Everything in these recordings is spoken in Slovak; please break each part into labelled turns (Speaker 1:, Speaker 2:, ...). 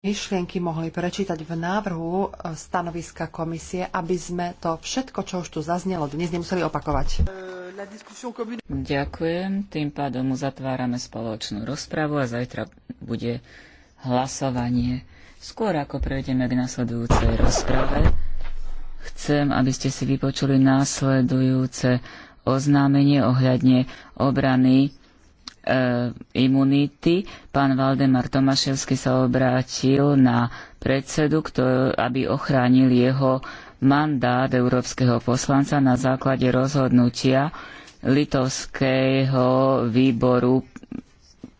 Speaker 1: myšlienky mohli prečítať v návrhu e, stanoviska komisie, aby sme to všetko, čo už tu zaznelo, dnes nemuseli opakovať.
Speaker 2: Ďakujem. Tým pádom uzatvárame spoločnú rozpravu a zajtra bude hlasovanie. Skôr ako prejdeme k nasledujúcej rozprave, chcem, aby ste si vypočuli následujúce oznámenie ohľadne obrany E, imunity. Pán Valdemar Tomaševský sa obrátil na predsedu, ktorý, aby ochránil jeho mandát európskeho poslanca na základe rozhodnutia Litovského výboru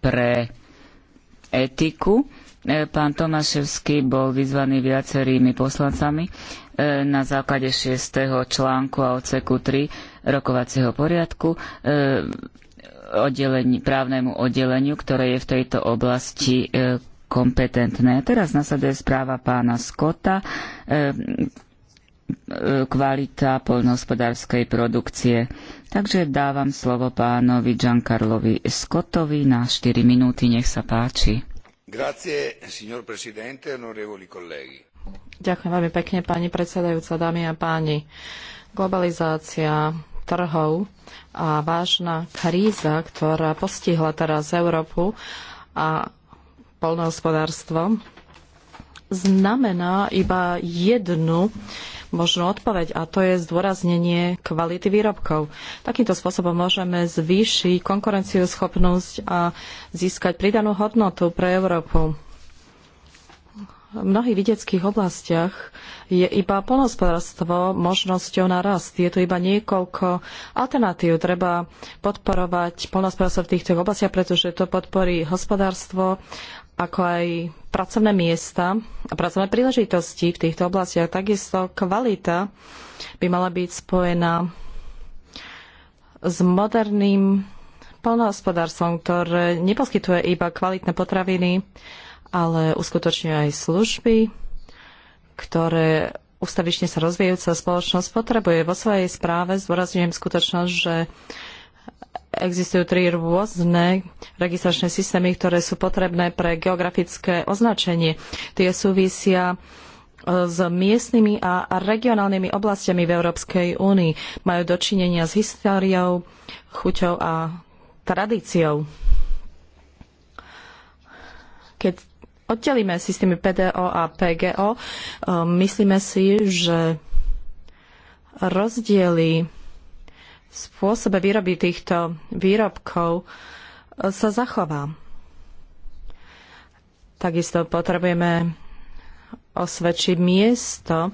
Speaker 2: pre etiku. E, pán Tomaševský bol vyzvaný viacerými poslancami e, na základe 6. článku a odseku 3 rokovacieho poriadku oddelení, právnemu oddeleniu, ktoré je v tejto oblasti e, kompetentné. Teraz nasleduje správa pána Skota, e, e, kvalita poľnohospodárskej produkcie. Takže dávam slovo pánovi Giancarlovi Scottovi na 4 minúty, nech sa páči. Grazie, signor presidente, onorevoli colleghi. Ďakujem veľmi pekne, pani predsedajúca, dámy a páni.
Speaker 3: Globalizácia trhov a vážna kríza, ktorá postihla teraz Európu a polnohospodárstvo, znamená iba jednu možnú odpoveď a to je zdôraznenie kvality výrobkov. Takýmto spôsobom môžeme zvýšiť konkurencieschopnosť a získať pridanú hodnotu pre Európu. V mnohých vidieckých oblastiach je iba polnospodárstvo možnosťou na rast. Je tu iba niekoľko alternatív. Treba podporovať polnospodárstvo v týchto oblastiach, pretože to podporí hospodárstvo, ako aj pracovné miesta a pracovné príležitosti v týchto oblastiach. Takisto kvalita by mala byť spojená s moderným polnohospodárstvom, ktoré neposkytuje iba kvalitné potraviny, ale uskutočňuje aj služby, ktoré ustavične sa rozvíjajúca spoločnosť potrebuje. Vo svojej správe zdôrazňujem skutočnosť, že existujú tri rôzne registračné systémy, ktoré sú potrebné pre geografické označenie. Tie súvisia e, s miestnymi a regionálnymi oblastiami v Európskej únii. Majú dočinenia s históriou, chuťou a tradíciou. Keď oddelíme systémy PDO a PGO. Um, myslíme si, že rozdiely v spôsobe výroby týchto výrobkov uh, sa zachová. Takisto potrebujeme osvedčiť miesto,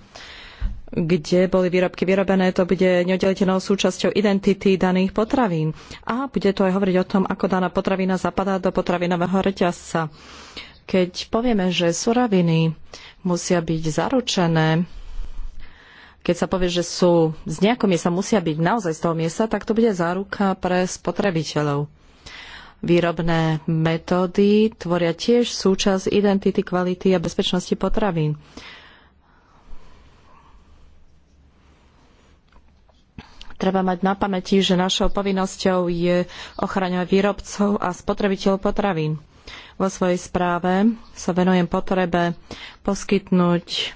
Speaker 3: kde boli výrobky vyrobené, to bude neoddeliteľnou súčasťou identity daných potravín. A bude to aj hovoriť o tom, ako daná potravina zapadá do potravinového reťazca. Keď povieme, že suroviny musia byť zaručené, keď sa povie, že sú z nejakého miesta, musia byť naozaj z toho miesta, tak to bude záruka pre spotrebiteľov. Výrobné metódy tvoria tiež súčasť identity, kvality a bezpečnosti potravín. Treba mať na pamäti, že našou povinnosťou je ochraňovať výrobcov a spotrebiteľov potravín. Vo svojej správe sa venujem potrebe poskytnúť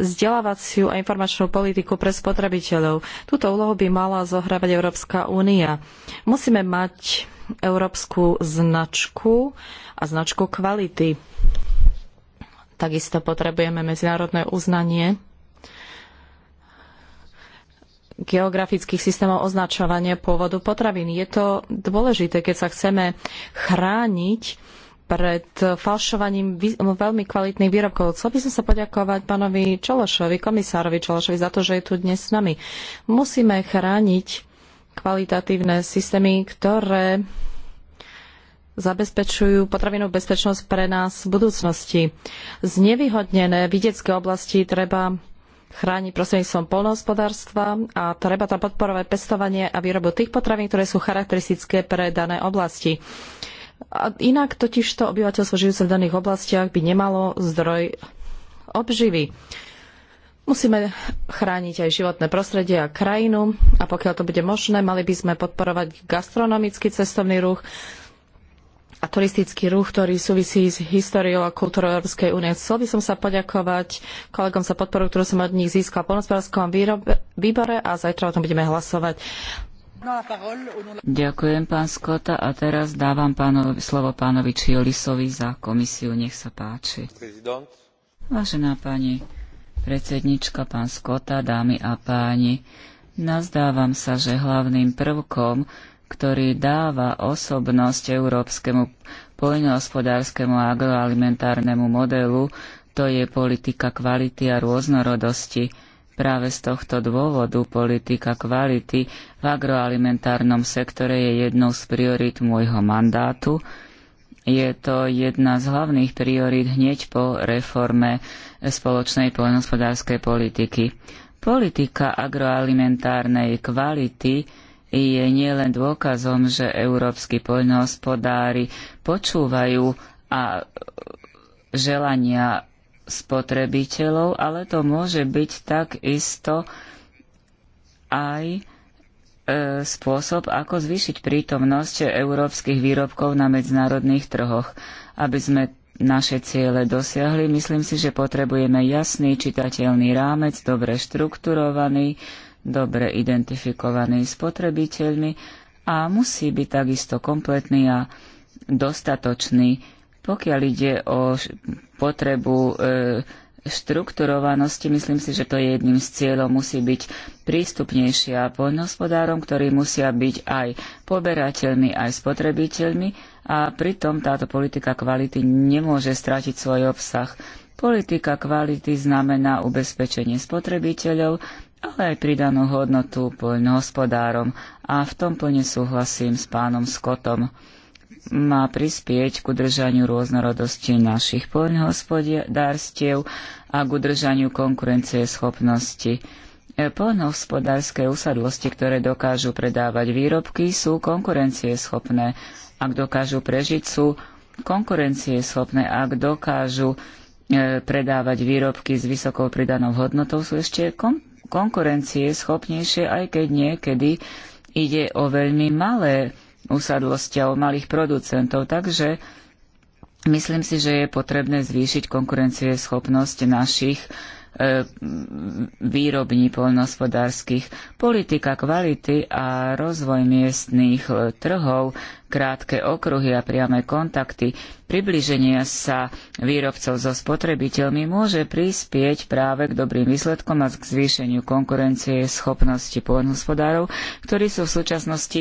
Speaker 3: vzdelávaciu a informačnú politiku pre spotrebiteľov. Túto úlohu by mala zohrávať Európska únia. Musíme mať európsku značku a značku kvality. Takisto potrebujeme medzinárodné uznanie geografických systémov označovania pôvodu potravín. Je to dôležité, keď sa chceme chrániť pred falšovaním veľmi kvalitných výrobkov. Chcel by som sa poďakovať pánovi Čološovi, komisárovi Čološovi za to, že je tu dnes s nami. Musíme chrániť kvalitatívne systémy, ktoré zabezpečujú potravinovú bezpečnosť pre nás v budúcnosti. Znevýhodnené vidiecké oblasti treba chrániť prostredníctvom polnohospodárstva a treba tam podporovať pestovanie a výrobu tých potravín, ktoré sú charakteristické pre dané oblasti. A inak totiž to obyvateľstvo žijúce v daných oblastiach by nemalo zdroj obživy. Musíme chrániť aj životné prostredie a krajinu a pokiaľ to bude možné, mali by sme podporovať gastronomický cestovný ruch, a turistický ruch, ktorý súvisí s históriou a kultúrou Európskej únie. Chcel by som sa poďakovať kolegom za podporu, ktorú som od nich získal v polnospodárskom
Speaker 2: výbore a zajtra o tom budeme hlasovať. Ďakujem, pán Skota. A teraz dávam pánovi, slovo pánovi Čiolisovi za komisiu. Nech sa páči. Vážená pani predsednička, pán Skota, dámy a páni, nazdávam sa, že hlavným prvkom ktorý dáva osobnosť európskemu poľnohospodárskemu a agroalimentárnemu modelu, to je politika kvality a rôznorodosti. Práve z tohto dôvodu politika kvality v agroalimentárnom sektore je jednou z priorit môjho mandátu. Je to jedna z hlavných priorit hneď po reforme spoločnej poľnohospodárskej politiky. Politika agroalimentárnej kvality je nielen dôkazom, že európsky poľnohospodári počúvajú a želania spotrebiteľov, ale to môže byť takisto aj e, spôsob, ako zvýšiť prítomnosť európskych výrobkov na medzinárodných trhoch. Aby sme naše ciele dosiahli, myslím si, že potrebujeme jasný, čitateľný rámec, dobre štrukturovaný, dobre identifikovaný spotrebiteľmi a musí byť takisto kompletný a dostatočný, pokiaľ ide o potrebu e, štrukturovanosti, myslím si, že to je jedným z cieľov, musí byť prístupnejšia poľnohospodárom, ktorí musia byť aj poberateľmi, aj spotrebiteľmi a pritom táto politika kvality nemôže stratiť svoj obsah. Politika kvality znamená ubezpečenie spotrebiteľov, ale aj pridanú hodnotu poľnohospodárom a v tom plne súhlasím s pánom Scottom. Má prispieť k udržaniu rôznorodosti našich poľnohospodárstiev a k udržaniu konkurencie schopnosti. E, Poľnohospodárske usadlosti, ktoré dokážu predávať výrobky, sú konkurencieschopné. Ak dokážu prežiť, sú konkurencieschopné. Ak dokážu e, predávať výrobky s vysokou pridanou hodnotou, sú ešte kom- konkurencie schopnejšie, aj keď niekedy ide o veľmi malé usadlosti a o malých producentov. Takže myslím si, že je potrebné zvýšiť konkurencie schopnosť našich E, výrobní poľnohospodárskych. Politika kvality a rozvoj miestných e, trhov, krátke okruhy a priame kontakty, približenia sa výrobcov so spotrebiteľmi môže prispieť práve k dobrým výsledkom a k zvýšeniu konkurencie schopnosti poľnohospodárov, ktorí sú v súčasnosti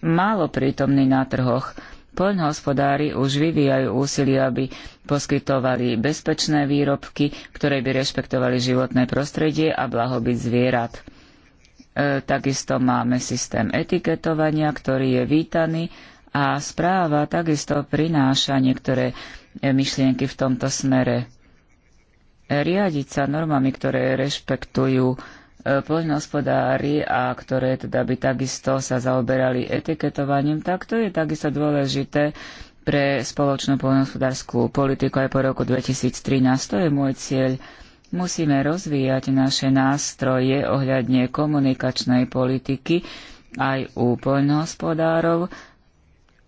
Speaker 2: málo prítomní na trhoch. Poľnohospodári už vyvíjajú úsilie, aby poskytovali bezpečné výrobky, ktoré by rešpektovali životné prostredie a blahobyt zvierat. E, takisto máme systém etiketovania, ktorý je vítaný a správa takisto prináša niektoré myšlienky v tomto smere. E, riadiť sa normami, ktoré rešpektujú poľnohospodári a ktoré teda by takisto sa zaoberali etiketovaním, tak to je takisto dôležité pre spoločnú poľnohospodárskú politiku aj po roku 2013. To je môj cieľ. Musíme rozvíjať naše nástroje ohľadne komunikačnej politiky aj u poľnohospodárov,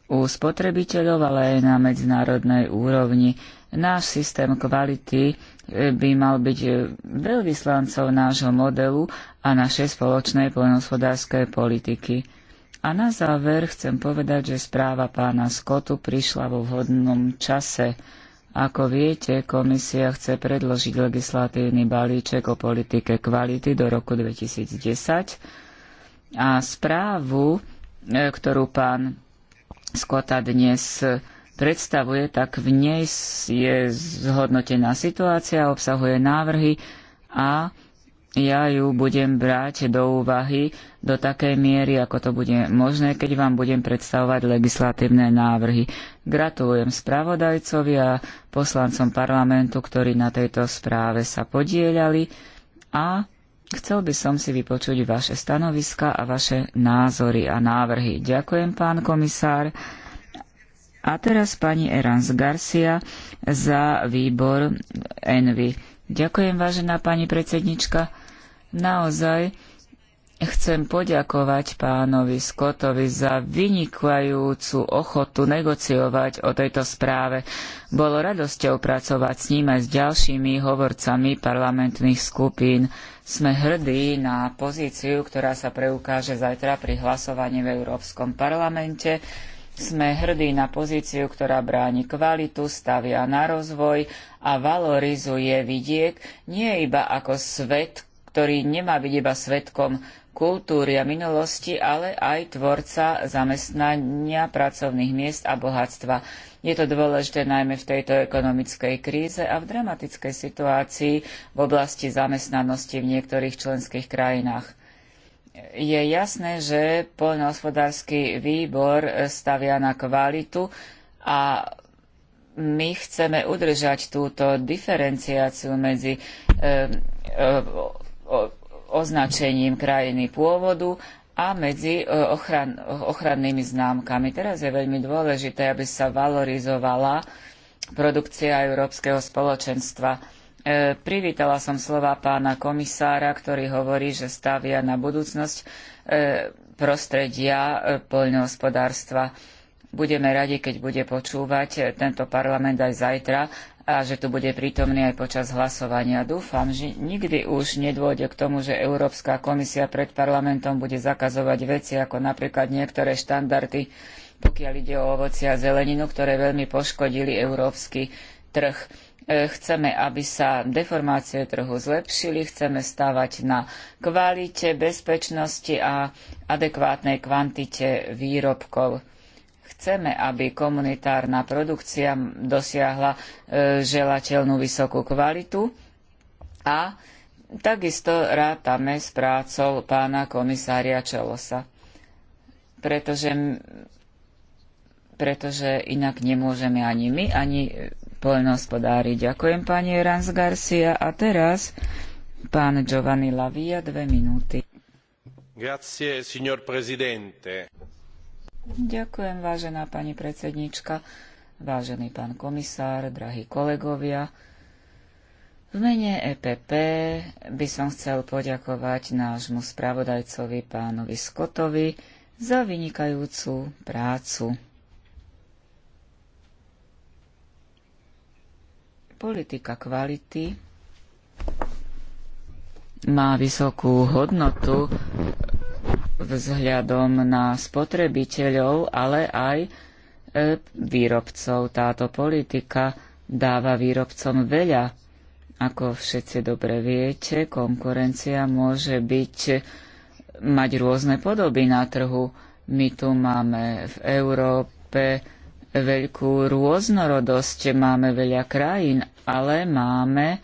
Speaker 2: u spotrebiteľov, ale aj na medzinárodnej úrovni. Náš systém kvality by mal byť e, veľvyslancov nášho modelu a našej spoločnej poľnohospodárskej politiky. A na záver chcem povedať, že správa pána Skotu prišla vo vhodnom čase. Ako viete, komisia chce predložiť legislatívny balíček o politike kvality do roku 2010 a správu, e, ktorú pán Skota dnes predstavuje, tak v nej je zhodnotená situácia, obsahuje návrhy a ja ju budem brať do úvahy do takej miery, ako to bude možné, keď vám budem predstavovať legislatívne návrhy. Gratulujem spravodajcovi a poslancom parlamentu, ktorí na tejto správe sa podielali a chcel by som si vypočuť vaše stanoviska a vaše názory a návrhy. Ďakujem, pán komisár. A teraz pani Erans Garcia za výbor Envy. Ďakujem, vážená pani predsednička. Naozaj chcem poďakovať pánovi Scottovi za vynikajúcu ochotu negociovať o tejto správe. Bolo radosťou pracovať s ním aj s ďalšími hovorcami parlamentných skupín. Sme hrdí na pozíciu, ktorá sa preukáže zajtra pri hlasovaní v Európskom parlamente sme hrdí na pozíciu, ktorá bráni kvalitu, stavia na rozvoj a valorizuje vidiek nie iba ako svet, ktorý nemá byť iba svetkom kultúry a minulosti, ale aj tvorca zamestnania, pracovných miest a bohatstva. Je to dôležité najmä v tejto ekonomickej kríze a v dramatickej situácii v oblasti zamestnanosti v niektorých členských krajinách je jasné, že poľnohospodársky výbor stavia na kvalitu a my chceme udržať túto diferenciáciu medzi e, o, označením krajiny pôvodu a medzi e, ochran, ochrannými známkami. Teraz je veľmi dôležité, aby sa valorizovala produkcia Európskeho spoločenstva E, privítala som slova pána komisára, ktorý hovorí, že stavia na budúcnosť e, prostredia e, poľnohospodárstva. Budeme radi, keď bude počúvať tento parlament aj zajtra a že tu bude prítomný aj počas hlasovania. Dúfam, že nikdy už nedôjde k tomu, že Európska komisia pred parlamentom bude zakazovať veci ako napríklad niektoré štandardy, pokiaľ ide o ovoci a zeleninu, ktoré veľmi poškodili európsky trh E, chceme, aby sa deformácie trhu zlepšili, chceme stavať na kvalite, bezpečnosti a adekvátnej kvantite výrobkov. Chceme, aby komunitárna produkcia dosiahla e, želateľnú vysokú kvalitu a takisto rátame s prácou pána komisária Čelosa, pretože, pretože inak nemôžeme ani my, ani poľnohospodári. Ďakujem pani Rans Garcia. A teraz pán Giovanni Lavia, dve minúty.
Speaker 3: Grazie, signor presidente.
Speaker 2: Ďakujem, vážená pani predsednička, vážený pán komisár, drahí kolegovia. V mene EPP by som chcel poďakovať nášmu spravodajcovi pánovi Skotovi za vynikajúcu prácu. Politika kvality má vysokú hodnotu vzhľadom na spotrebiteľov, ale aj e, výrobcov. Táto politika dáva výrobcom veľa. Ako všetci dobre viete, konkurencia môže byť, e, mať rôzne podoby na trhu. My tu máme v Európe veľkú rôznorodosť, máme veľa krajín, ale máme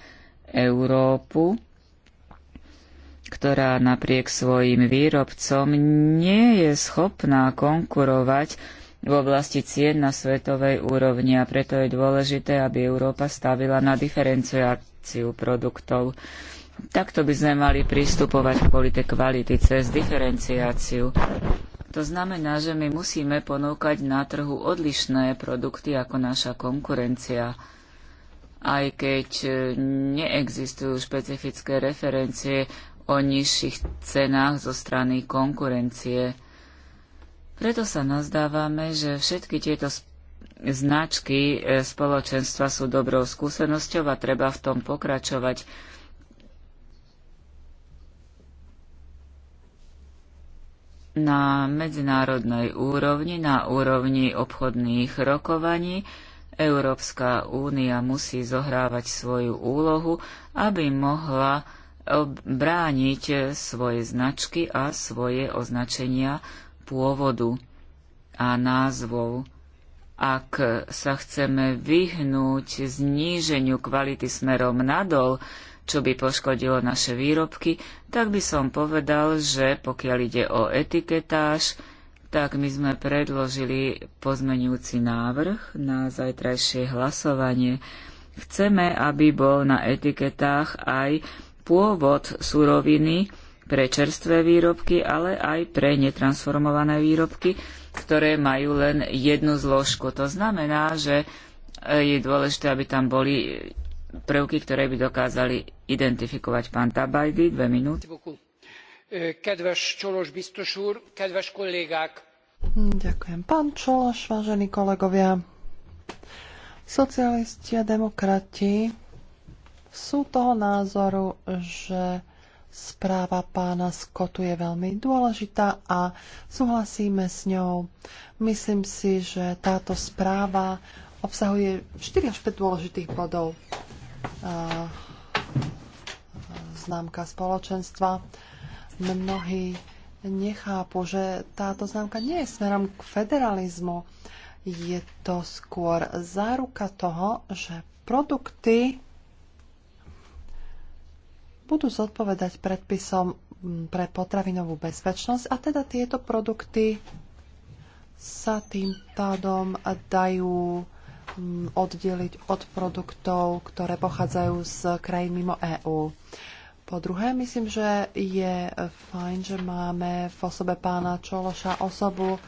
Speaker 2: Európu, ktorá napriek svojim výrobcom nie je schopná konkurovať v oblasti cien na svetovej úrovni a preto je dôležité, aby Európa stavila na diferenciáciu produktov. Takto by sme mali pristupovať k politike kvality cez diferenciáciu. To znamená, že my musíme ponúkať na trhu odlišné produkty ako naša konkurencia. Aj keď e, neexistujú špecifické referencie o nižších cenách zo strany konkurencie. Preto sa nazdávame, že všetky tieto značky e, spoločenstva sú dobrou skúsenosťou a treba v tom pokračovať. na medzinárodnej úrovni, na úrovni obchodných rokovaní, Európska únia musí zohrávať svoju úlohu, aby mohla brániť svoje značky a svoje označenia pôvodu a názvov. Ak sa chceme vyhnúť zníženiu kvality smerom nadol, čo by poškodilo naše výrobky, tak by som povedal, že pokiaľ ide o etiketáž, tak my sme predložili pozmenujúci návrh na zajtrajšie hlasovanie. Chceme, aby bol na etiketách aj pôvod suroviny pre čerstvé výrobky, ale aj pre netransformované výrobky, ktoré majú len jednu zložku. To znamená, že je dôležité, aby tam boli prvky, ktoré by dokázali identifikovať pán Tabajdy. Dve minúty.
Speaker 1: Ďakujem. Pán Čološ, vážení kolegovia, socialisti a demokrati sú toho názoru, že správa pána Skotu je veľmi dôležitá a súhlasíme s ňou. Myslím si, že táto správa obsahuje 4 až 5 dôležitých bodov. Eh, známka spoločenstva. Mnohí nechápu, že táto známka nie je smerom k federalizmu. Je to skôr záruka toho, že produkty budú zodpovedať predpisom mm, pre potravinovú bezpečnosť a teda tieto produkty sa tým pádom dajú oddeliť od produktov, ktoré pochádzajú z krajín mimo EÚ. Po druhé, myslím, že je fajn, že máme v osobe pána Čološa osobu, e,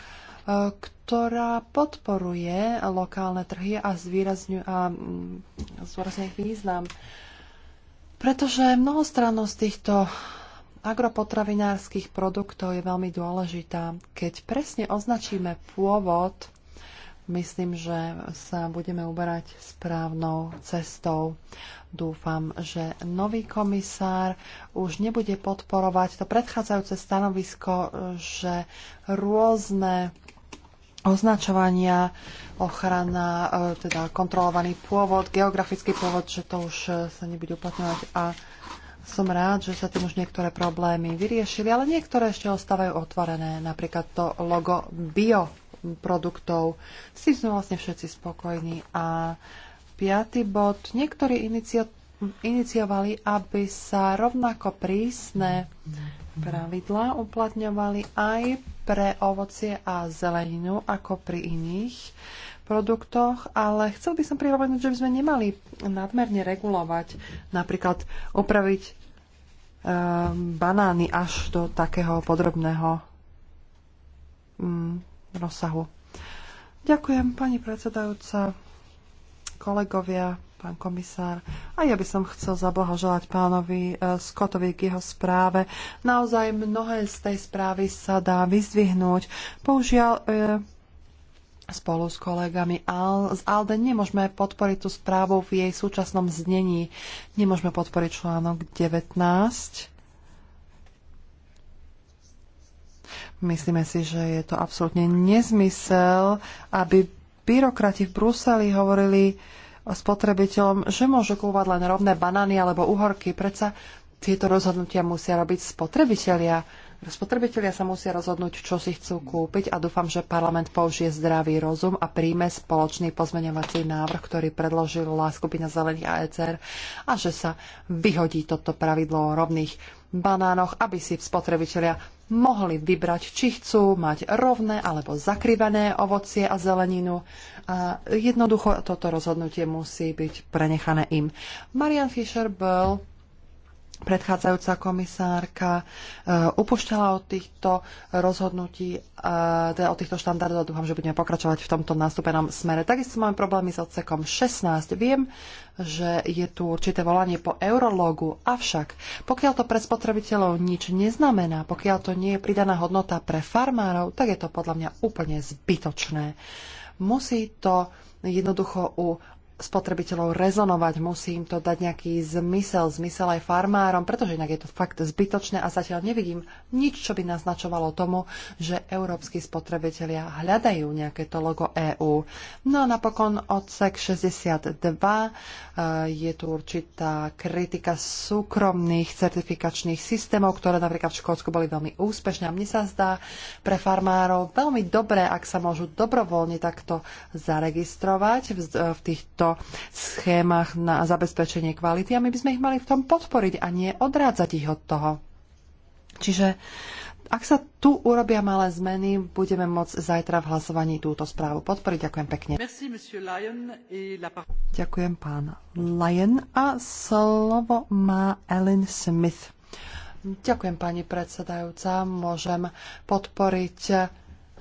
Speaker 1: ktorá podporuje lokálne trhy a zvýrazňuje a zvýrazňuje ich význam. Pretože mnohostrannosť týchto agropotravinárskych produktov je veľmi dôležitá. Keď presne označíme pôvod, Myslím, že sa budeme uberať správnou cestou. Dúfam, že nový komisár už nebude podporovať to predchádzajúce stanovisko, že rôzne označovania, ochrana, e, teda kontrolovaný pôvod, geografický pôvod, že to už e, sa nebude uplatňovať a som rád, že sa tým už niektoré problémy vyriešili, ale niektoré ešte ostávajú otvorené, napríklad to logo bio produktov. S tým sme vlastne všetci spokojní. A piatý bod. Niektorí inicio- iniciovali, aby sa rovnako prísne pravidlá uplatňovali aj pre ovocie a zeleninu ako pri iných produktoch, ale chcel by som pripomenúť, že by sme nemali nadmerne regulovať, napríklad upraviť um, banány až do takého podrobného mm, rozsahu. Ďakujem, pani predsedajúca, kolegovia, pán komisár. A ja by som chcel zablahoželať pánovi eh, Scottovi k jeho správe. Naozaj mnohé z tej správy sa dá vyzdvihnúť. Použiaľ, eh, spolu s kolegami z ALDE nemôžeme podporiť tú správu v jej súčasnom znení. Nemôžeme podporiť článok 19 Myslíme si, že je to absolútne nezmysel, aby byrokrati v Bruseli hovorili spotrebiteľom, že môžu kúvať len rovné banány alebo uhorky. Preca tieto rozhodnutia musia robiť spotrebitelia. Spotrebitelia sa musia rozhodnúť, čo si chcú kúpiť a dúfam, že parlament použije zdravý rozum a príjme spoločný pozmeňovací návrh, ktorý predložila skupina Zelených a ECR a že sa vyhodí toto pravidlo rovných banánoch, aby si spotrebitelia mohli vybrať, či chcú mať rovné alebo zakrivené ovocie a zeleninu. A jednoducho toto rozhodnutie musí byť prenechané im. Marian Fischer bol predchádzajúca komisárka uh, upúšťala od týchto rozhodnutí, uh, teda od týchto štandardov a dúfam, že budeme pokračovať v tomto nástupenom smere. Takisto máme problémy s odsekom 16. Viem, že je tu určité volanie po eurologu. Avšak, pokiaľ to pre spotrebiteľov nič neznamená, pokiaľ to nie je pridaná hodnota pre farmárov, tak je to podľa mňa úplne zbytočné. Musí to jednoducho u spotrebiteľov rezonovať, musí im to dať nejaký zmysel, zmysel aj farmárom, pretože inak je to fakt zbytočné a zatiaľ nevidím nič, čo by naznačovalo tomu, že európsky spotrebitelia hľadajú nejaké to logo EÚ. No a napokon odsek 62 e, je tu určitá kritika súkromných certifikačných systémov, ktoré napríklad v Škótsku boli veľmi úspešné a mne sa zdá pre farmárov veľmi dobré, ak sa môžu dobrovoľne takto zaregistrovať v e, týchto týchto schémach na zabezpečenie kvality a my by sme ich mali v tom podporiť a nie odrádzať ich od toho. Čiže ak sa tu urobia malé zmeny, budeme môcť zajtra v hlasovaní túto správu podporiť. Ďakujem pekne. Merci, Lion, la... Ďakujem pán Lyon a slovo má Ellen Smith. Ďakujem pani predsedajúca. Môžem podporiť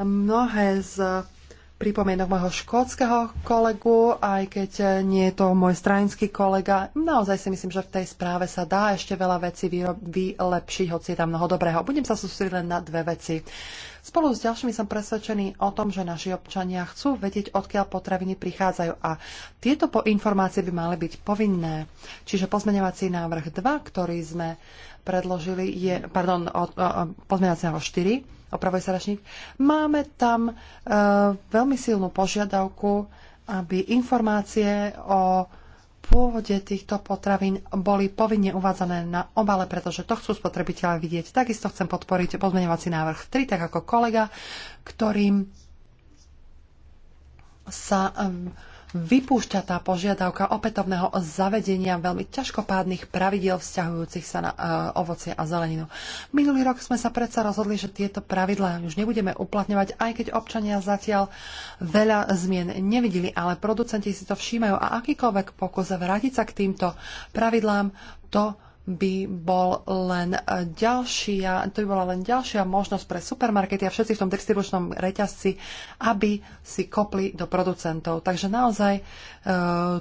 Speaker 1: mnohé z pripomienok môjho škótskeho kolegu, aj keď e, nie je to môj stranický kolega. Naozaj si myslím, že v tej správe sa dá ešte veľa vecí vylepšiť, hoci je tam mnoho dobrého. Budem sa sústrediť len na dve veci. Spolu s ďalšími som presvedčený o tom, že naši občania chcú vedieť, odkiaľ potraviny prichádzajú a tieto informácie by mali byť povinné. Čiže pozmeňovací návrh 2, ktorý sme predložili, je, pardon, pozmeňovací návrh 4, opravuje sa račník, máme tam uh, veľmi silnú požiadavku, aby informácie o pôvode týchto potravín boli povinne uvádzané na obale, pretože to chcú spotrebiteľe vidieť. Takisto chcem podporiť pozmeňovací návrh 3, tak ako kolega, ktorým sa um, vypúšťa tá požiadavka opätovného zavedenia veľmi ťažkopádnych pravidiel vzťahujúcich sa na uh, ovocie a zeleninu. Minulý rok sme sa predsa rozhodli, že tieto pravidlá už nebudeme uplatňovať, aj keď občania zatiaľ veľa zmien nevideli, ale producenti si to všímajú a akýkoľvek pokus vrátiť sa k týmto pravidlám, to by bol len ďalšia, to by bola len ďalšia možnosť pre supermarkety a všetci v tom distribučnom reťazci, aby si kopli do producentov. Takže naozaj e,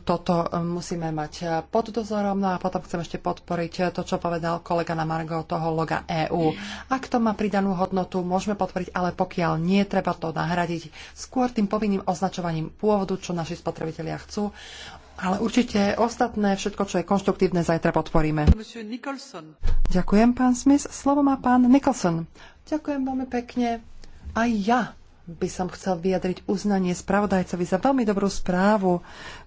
Speaker 1: toto musíme mať pod dozorom. No a potom chcem ešte podporiť to, čo povedal kolega na Margo toho loga EU. Ak to má pridanú hodnotu, môžeme podporiť, ale pokiaľ nie, treba to nahradiť skôr tým povinným označovaním pôvodu, čo naši spotrebitelia chcú. Ale určite ostatné, všetko, čo je konštruktívne, zajtra podporíme. Ďakujem, pán Smith. Slovo má pán Nicholson. Ďakujem veľmi pekne. Aj ja by som chcel vyjadriť uznanie spravodajcovi za veľmi dobrú správu.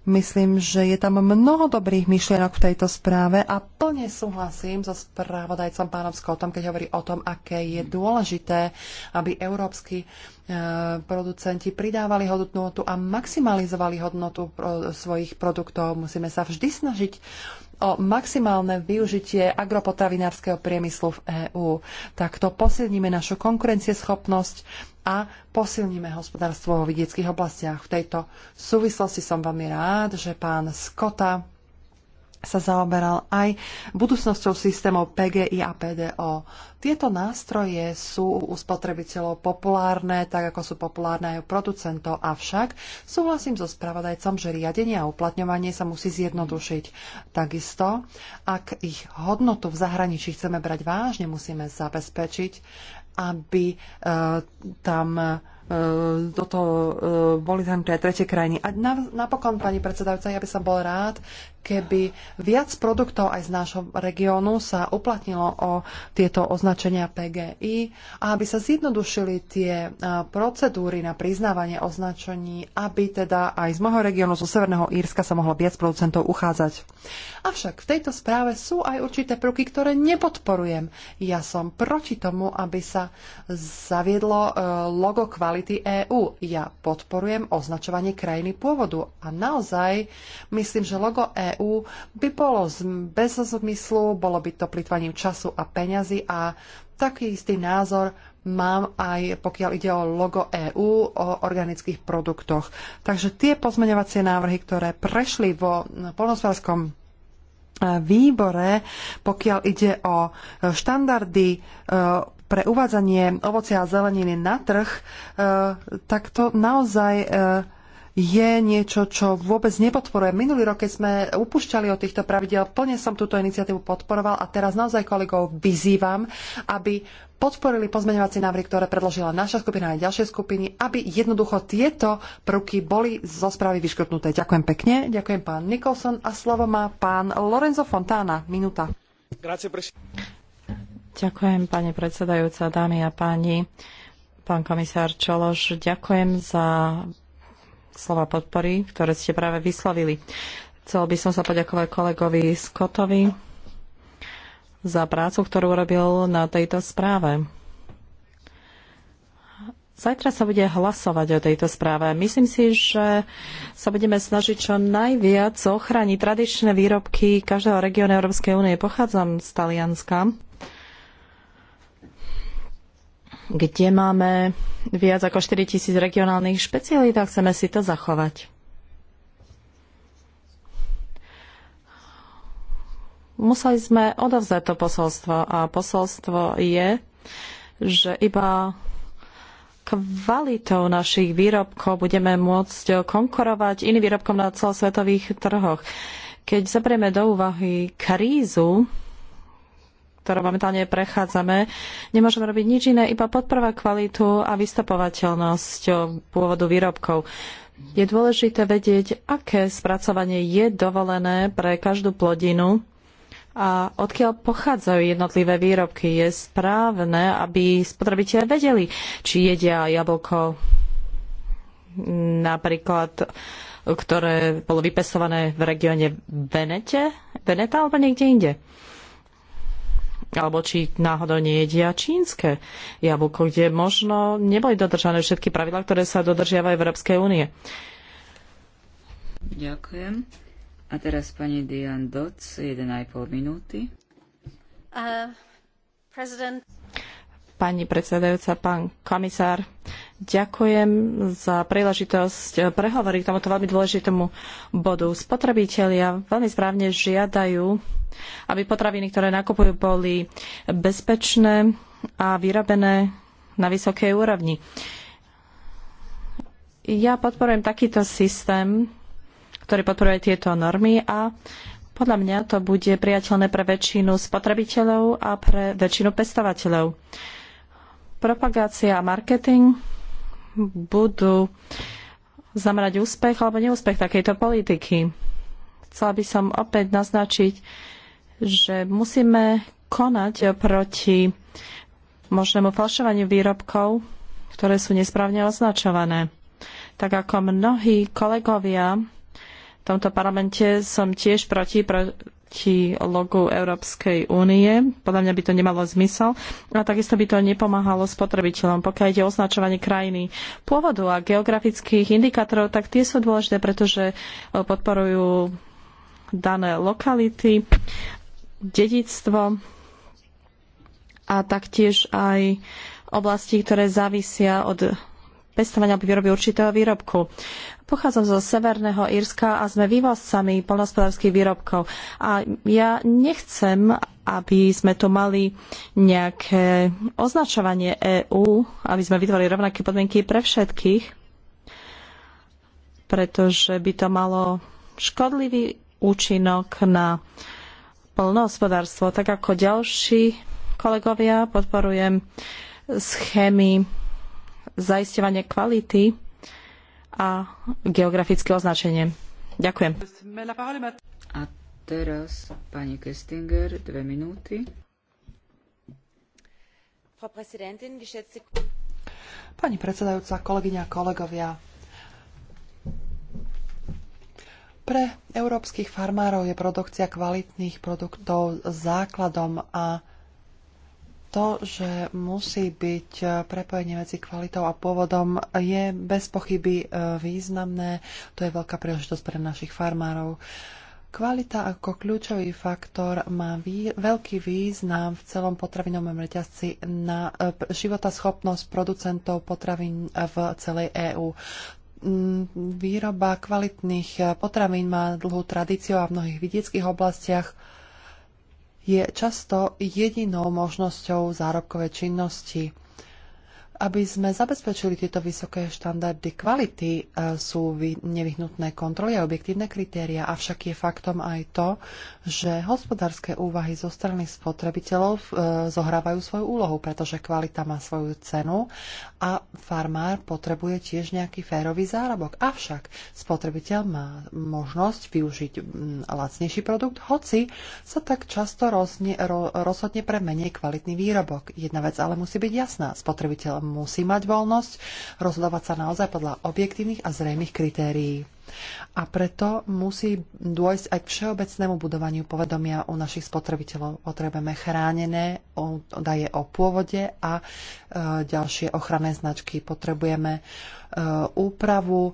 Speaker 1: Myslím, že je tam mnoho dobrých myšlienok v tejto správe a plne súhlasím so spravodajcom pánom Scottom, keď hovorí o tom, aké je dôležité, aby európsky e, producenti pridávali hodnotu a maximalizovali hodnotu svojich produktov. Musíme sa vždy snažiť o maximálne využitie agropotravinárskeho priemyslu v EÚ. Takto posilníme našu konkurencieschopnosť a posilníme hospodárstvo vo vidieckých oblastiach. V tejto súvislosti som veľmi rád, že pán Skota sa zaoberal aj budúcnosťou systémov PGI a PDO. Tieto nástroje sú u spotrebiteľov populárne, tak ako sú populárne aj u producentov, avšak súhlasím so spravodajcom, že riadenie a uplatňovanie sa musí zjednodušiť. Takisto, ak ich hodnotu v zahraničí chceme brať vážne, musíme zabezpečiť, aby e, tam e, do toho e, boli tam aj tretie krajiny. A napokon, pani predsedajúca, ja by som bol rád, keby viac produktov aj z nášho regiónu sa uplatnilo o tieto označenia PGI a aby sa zjednodušili tie procedúry na priznávanie označení, aby teda aj z môjho regiónu, zo Severného Írska sa mohlo viac producentov uchádzať. Avšak v tejto správe sú aj určité prvky, ktoré nepodporujem. Ja som proti tomu, aby sa zaviedlo e, logo kvality EÚ. Ja podporujem označovanie krajiny pôvodu a naozaj myslím, že logo EÚ EÚ by bolo bez zmyslu, bolo by to plitvaním času a peňazí a taký istý názor mám aj pokiaľ ide o logo EÚ o organických produktoch. Takže tie pozmeňovacie návrhy, ktoré prešli vo polnospodárskom e, výbore, pokiaľ ide o štandardy e, pre uvádzanie ovocia a zeleniny na trh, e, tak to naozaj je niečo, čo vôbec nepodporuje. Minulý rok, keď sme upúšťali od týchto pravidel, plne som túto iniciatívu podporoval a teraz naozaj kolegov vyzývam, aby podporili pozmeňovacie návrhy, ktoré predložila naša skupina aj ďalšie skupiny, aby jednoducho tieto prvky boli zo správy vyškrtnuté. Ďakujem pekne, ďakujem pán Nikolson a slovo má pán
Speaker 3: Lorenzo Fontána. Minúta. Ďakujem, pani predsedajúca, dámy a páni. Pán komisár Čološ, ďakujem za slova podpory, ktoré ste práve vyslovili. Chcel by som sa poďakovať kolegovi Scottovi za prácu, ktorú urobil na tejto správe. Zajtra sa bude hlasovať o tejto správe. Myslím si, že sa budeme snažiť čo najviac ochrániť tradičné výrobky každého regiónu Európskej únie. Pochádzam z Talianska kde máme viac ako 4 tisíc regionálnych špecialít a chceme si to zachovať. Museli sme odovzdať to posolstvo a posolstvo je, že iba kvalitou našich výrobkov budeme môcť konkurovať iným výrobkom na celosvetových trhoch. Keď zabrieme do úvahy krízu, ktorou momentálne prechádzame, nemôžeme robiť nič iné, iba podporovať kvalitu a vystopovateľnosť pôvodu výrobkov. Je dôležité vedieť, aké spracovanie je dovolené pre každú plodinu a odkiaľ pochádzajú jednotlivé výrobky. Je správne, aby spotrebitelia vedeli, či jedia jablko napríklad ktoré bolo vypesované v regióne Venete, Veneta alebo niekde inde alebo či náhodou nejedia čínske jablko, kde možno neboli dodržané všetky pravidlá, ktoré sa dodržiavajú v Európskej
Speaker 2: únie. Ďakujem. A teraz pani Diane Dodds, 1,5 minúty.
Speaker 3: Uh, president pani predsedajúca, pán komisár. Ďakujem za príležitosť prehovoriť k tomuto veľmi dôležitému bodu. Spotrebitelia veľmi správne žiadajú, aby potraviny, ktoré nakupujú, boli bezpečné a vyrobené na vysokej úrovni. Ja podporujem takýto systém, ktorý podporuje tieto normy a podľa mňa to bude priateľné pre väčšinu spotrebiteľov a pre väčšinu pestovateľov propagácia a marketing budú zamerať úspech alebo neúspech takejto politiky. Chcela by som opäť naznačiť, že musíme konať proti možnému falšovaniu výrobkov, ktoré sú nesprávne označované. Tak ako mnohí kolegovia v tomto parlamente som tiež proti proti logu Európskej únie. Podľa mňa by to nemalo zmysel. A takisto by to nepomáhalo spotrebiteľom. Pokiaľ ide o označovanie krajiny pôvodu a geografických indikátorov, tak tie sú dôležité, pretože e, podporujú dané lokality, dedictvo a taktiež aj oblasti, ktoré závisia od pestovania, aby vyrobil určitého výrobku. Pochádzam zo Severného Írska a sme vývozcami polnospodárských výrobkov. A ja nechcem, aby sme tu mali nejaké označovanie EÚ, aby sme vytvorili rovnaké podmienky pre všetkých, pretože by to malo škodlivý účinok na poľnohospodárstvo. Tak ako ďalší kolegovia podporujem schémy zaisťovanie kvality a geografické označenie. Ďakujem.
Speaker 2: A teraz pani Kestinger, dve minúty. Pani
Speaker 1: predsedajúca, kolegyňa a kolegovia, pre európskych farmárov je produkcia kvalitných produktov základom a to, že musí byť e, prepojenie medzi kvalitou a pôvodom, je bez pochyby e, významné. To je veľká príležitosť pre našich farmárov. Kvalita ako kľúčový faktor má vý, veľký význam v celom potravinovom reťazci na e, života schopnosť producentov potravín v celej EÚ. Mm, výroba kvalitných potravín má dlhú tradíciu a v mnohých vidieckých oblastiach je často jedinou možnosťou zárobkovej činnosti. Aby sme zabezpečili tieto vysoké štandardy kvality, e, sú nevyhnutné kontroly a objektívne kritéria, avšak je faktom aj to, že hospodárske úvahy zo strany spotrebiteľov e, zohrávajú svoju úlohu, pretože kvalita má svoju cenu a farmár potrebuje tiež nejaký férový zárobok. Avšak spotrebiteľ má možnosť využiť lacnejší produkt, hoci sa tak často rozhodne pre menej kvalitný výrobok. Jedna vec ale musí byť jasná. Spotrebiteľ musí mať voľnosť rozhodovať sa naozaj podľa objektívnych a zrejmých kritérií. A preto musí dôjsť aj k všeobecnému budovaniu povedomia u našich spotrebiteľov. Potrebujeme chránené údaje o pôvode a e, ďalšie ochranné značky. Potrebujeme e, úpravu e,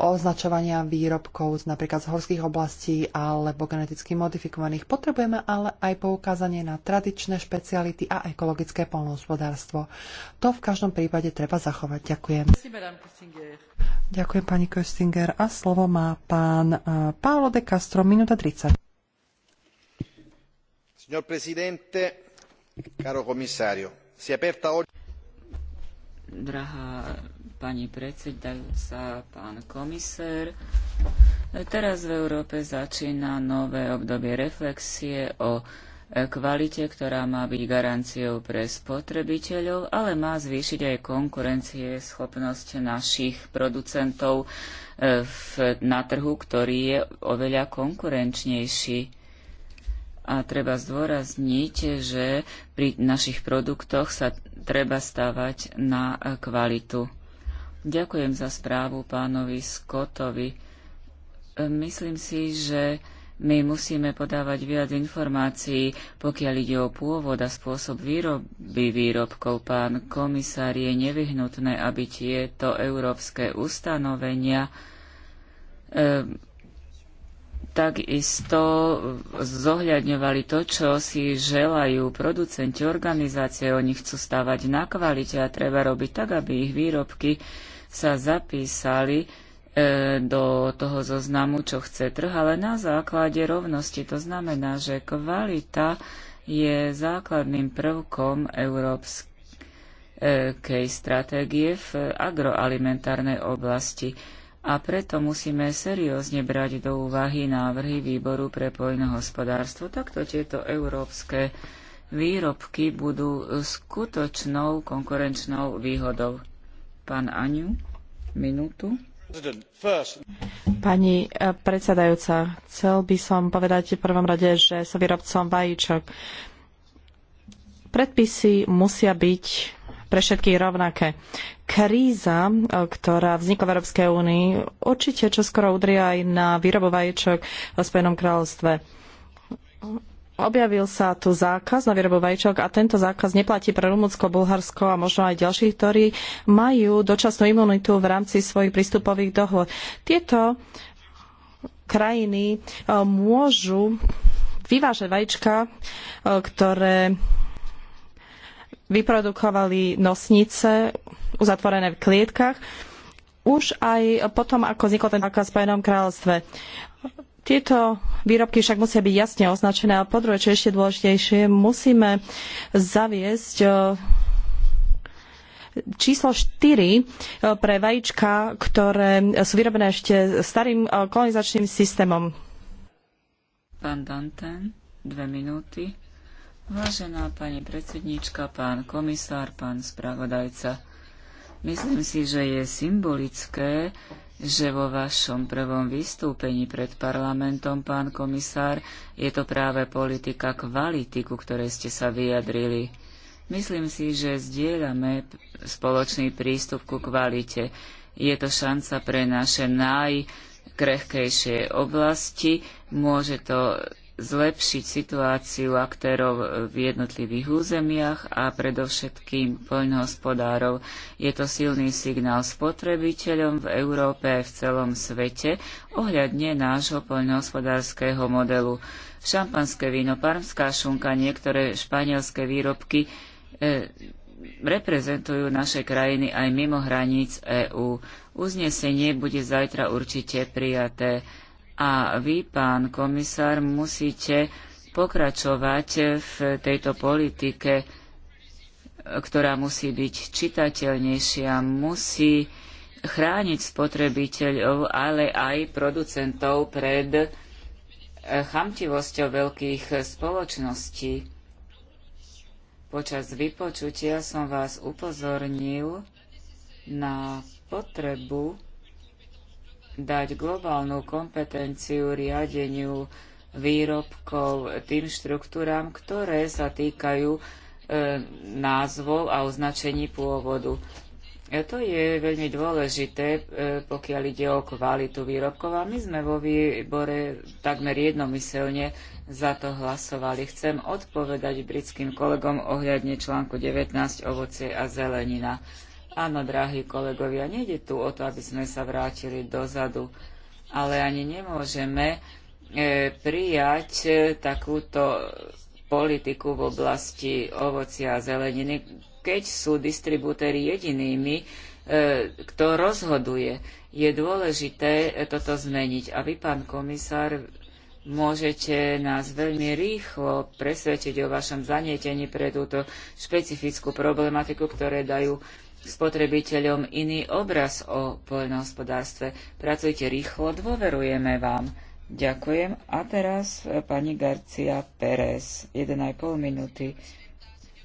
Speaker 1: označovania výrobkov z napríklad z horských oblastí alebo geneticky modifikovaných. Potrebujeme ale aj poukázanie na tradičné špeciality a ekologické polnohospodárstvo. To v každom prípade treba zachovať. Ďakujem. Ďakujem pani Köstinger. A slovo má pán eh, Paolo de Castro, minúta 30.
Speaker 2: Signor Presidente, caro commissario, si aperta oggi... Drahá pani predsedajúca, pán komisér, teraz v Európe začína nové obdobie reflexie o kvalite, ktorá má byť garanciou pre spotrebiteľov, ale má zvýšiť aj konkurencie schopnosť našich producentov eh, v, na trhu, ktorý je oveľa konkurenčnejší a treba zdôrazniť, že pri našich produktoch sa treba stavať na kvalitu. Ďakujem za správu pánovi Scottovi. Myslím si, že my musíme podávať viac informácií, pokiaľ ide o pôvod a spôsob výroby výrobkov. Pán komisár, je nevyhnutné, aby tieto európske ustanovenia e, takisto zohľadňovali to, čo si želajú producenti, organizácie. Oni chcú stavať na kvalite a treba robiť tak, aby ich výrobky sa zapísali E, do toho zoznamu, čo chce trh, ale na základe rovnosti. To znamená, že kvalita je základným prvkom európskej stratégie v agroalimentárnej oblasti a preto musíme seriózne brať do úvahy návrhy výboru pre poľnohospodárstvo. Takto tieto európske výrobky budú skutočnou konkurenčnou výhodou. Pán Aniu, minútu.
Speaker 3: Pani eh, predsedajúca, chcel by som povedať v prvom rade, že som výrobcom vajíčok. Predpisy musia byť pre všetkých rovnaké. Kríza, eh, ktorá vznikla v Európskej únii, určite čoskoro udrie aj na výrobu vajíčok v Spojenom kráľovstve objavil sa tu zákaz na výrobu vajíčok a tento zákaz neplatí pre Rumunsko, Bulharsko a možno aj ďalších, ktorí majú dočasnú imunitu v rámci svojich prístupových dohod. Tieto krajiny e, môžu vyvážať vajíčka, e, ktoré vyprodukovali nosnice uzatvorené v klietkach už aj potom, ako vznikol ten zákaz v Spojenom kráľovstve. Tieto výrobky však musia byť jasne označené a po druhé, čo je ešte dôležitejšie, musíme zaviesť e, číslo 4 e, pre vajíčka, ktoré sú vyrobené ešte starým e, kolonizačným systémom.
Speaker 2: Pán Danten, dve minúty. Vážená pani pán komisár, pán spravodajca. Myslím si, že je symbolické, že vo vašom prvom vystúpení pred parlamentom, pán komisár, je to práve politika kvality, ku ktorej ste sa vyjadrili. Myslím si, že zdieľame spoločný prístup ku kvalite. Je to šanca pre naše najkrehkejšie oblasti. Môže to zlepšiť situáciu aktérov v jednotlivých územiach a predovšetkým poľnohospodárov. Je to silný signál spotrebiteľom v Európe aj v celom svete ohľadne nášho poľnohospodárskeho modelu. Šampanské víno, parmská šunka, niektoré španielské výrobky e, reprezentujú naše krajiny aj mimo hraníc EÚ. Uznesenie bude zajtra určite prijaté. A vy, pán komisár, musíte pokračovať v tejto politike, ktorá musí byť čitateľnejšia, musí chrániť spotrebiteľov, ale aj producentov pred chamtivosťou veľkých spoločností. Počas vypočutia som vás upozornil na potrebu dať globálnu kompetenciu riadeniu výrobkov tým štruktúram, ktoré sa týkajú e, názvov a označení pôvodu. E, to je veľmi dôležité, e, pokiaľ ide o kvalitu výrobkov a my sme vo výbore takmer jednomyselne za to hlasovali. Chcem odpovedať britským kolegom ohľadne článku 19 ovocie a zelenina. Áno, drahí kolegovia, nejde tu o to, aby sme sa vrátili dozadu, ale ani nemôžeme e, prijať e, takúto politiku v oblasti ovocia a zeleniny, keď sú distribútery jedinými, e, kto rozhoduje. Je dôležité toto zmeniť. A vy, pán komisár, môžete nás veľmi rýchlo presvedčiť o vašom zanietení pre túto špecifickú problematiku, ktoré dajú spotrebiteľom iný obraz o poľnohospodárstve. Pracujte rýchlo, dôverujeme vám. Ďakujem. A teraz e, pani Garcia Pérez, 1,5 minúty.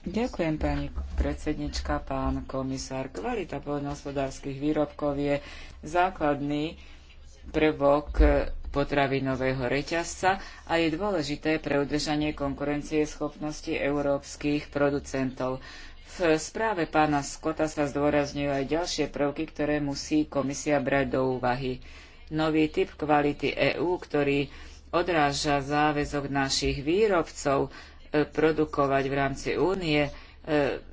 Speaker 2: Ďakujem, pani predsednička, pán komisár. Kvalita poľnohospodárskych výrobkov je základný prvok e, potravinového reťazca a je dôležité pre udržanie konkurencie schopnosti európskych producentov. V správe pána Skota sa zdôrazňujú aj ďalšie prvky, ktoré musí komisia brať do úvahy. Nový typ kvality EÚ, ktorý odráža záväzok našich výrobcov e, produkovať v rámci únie e,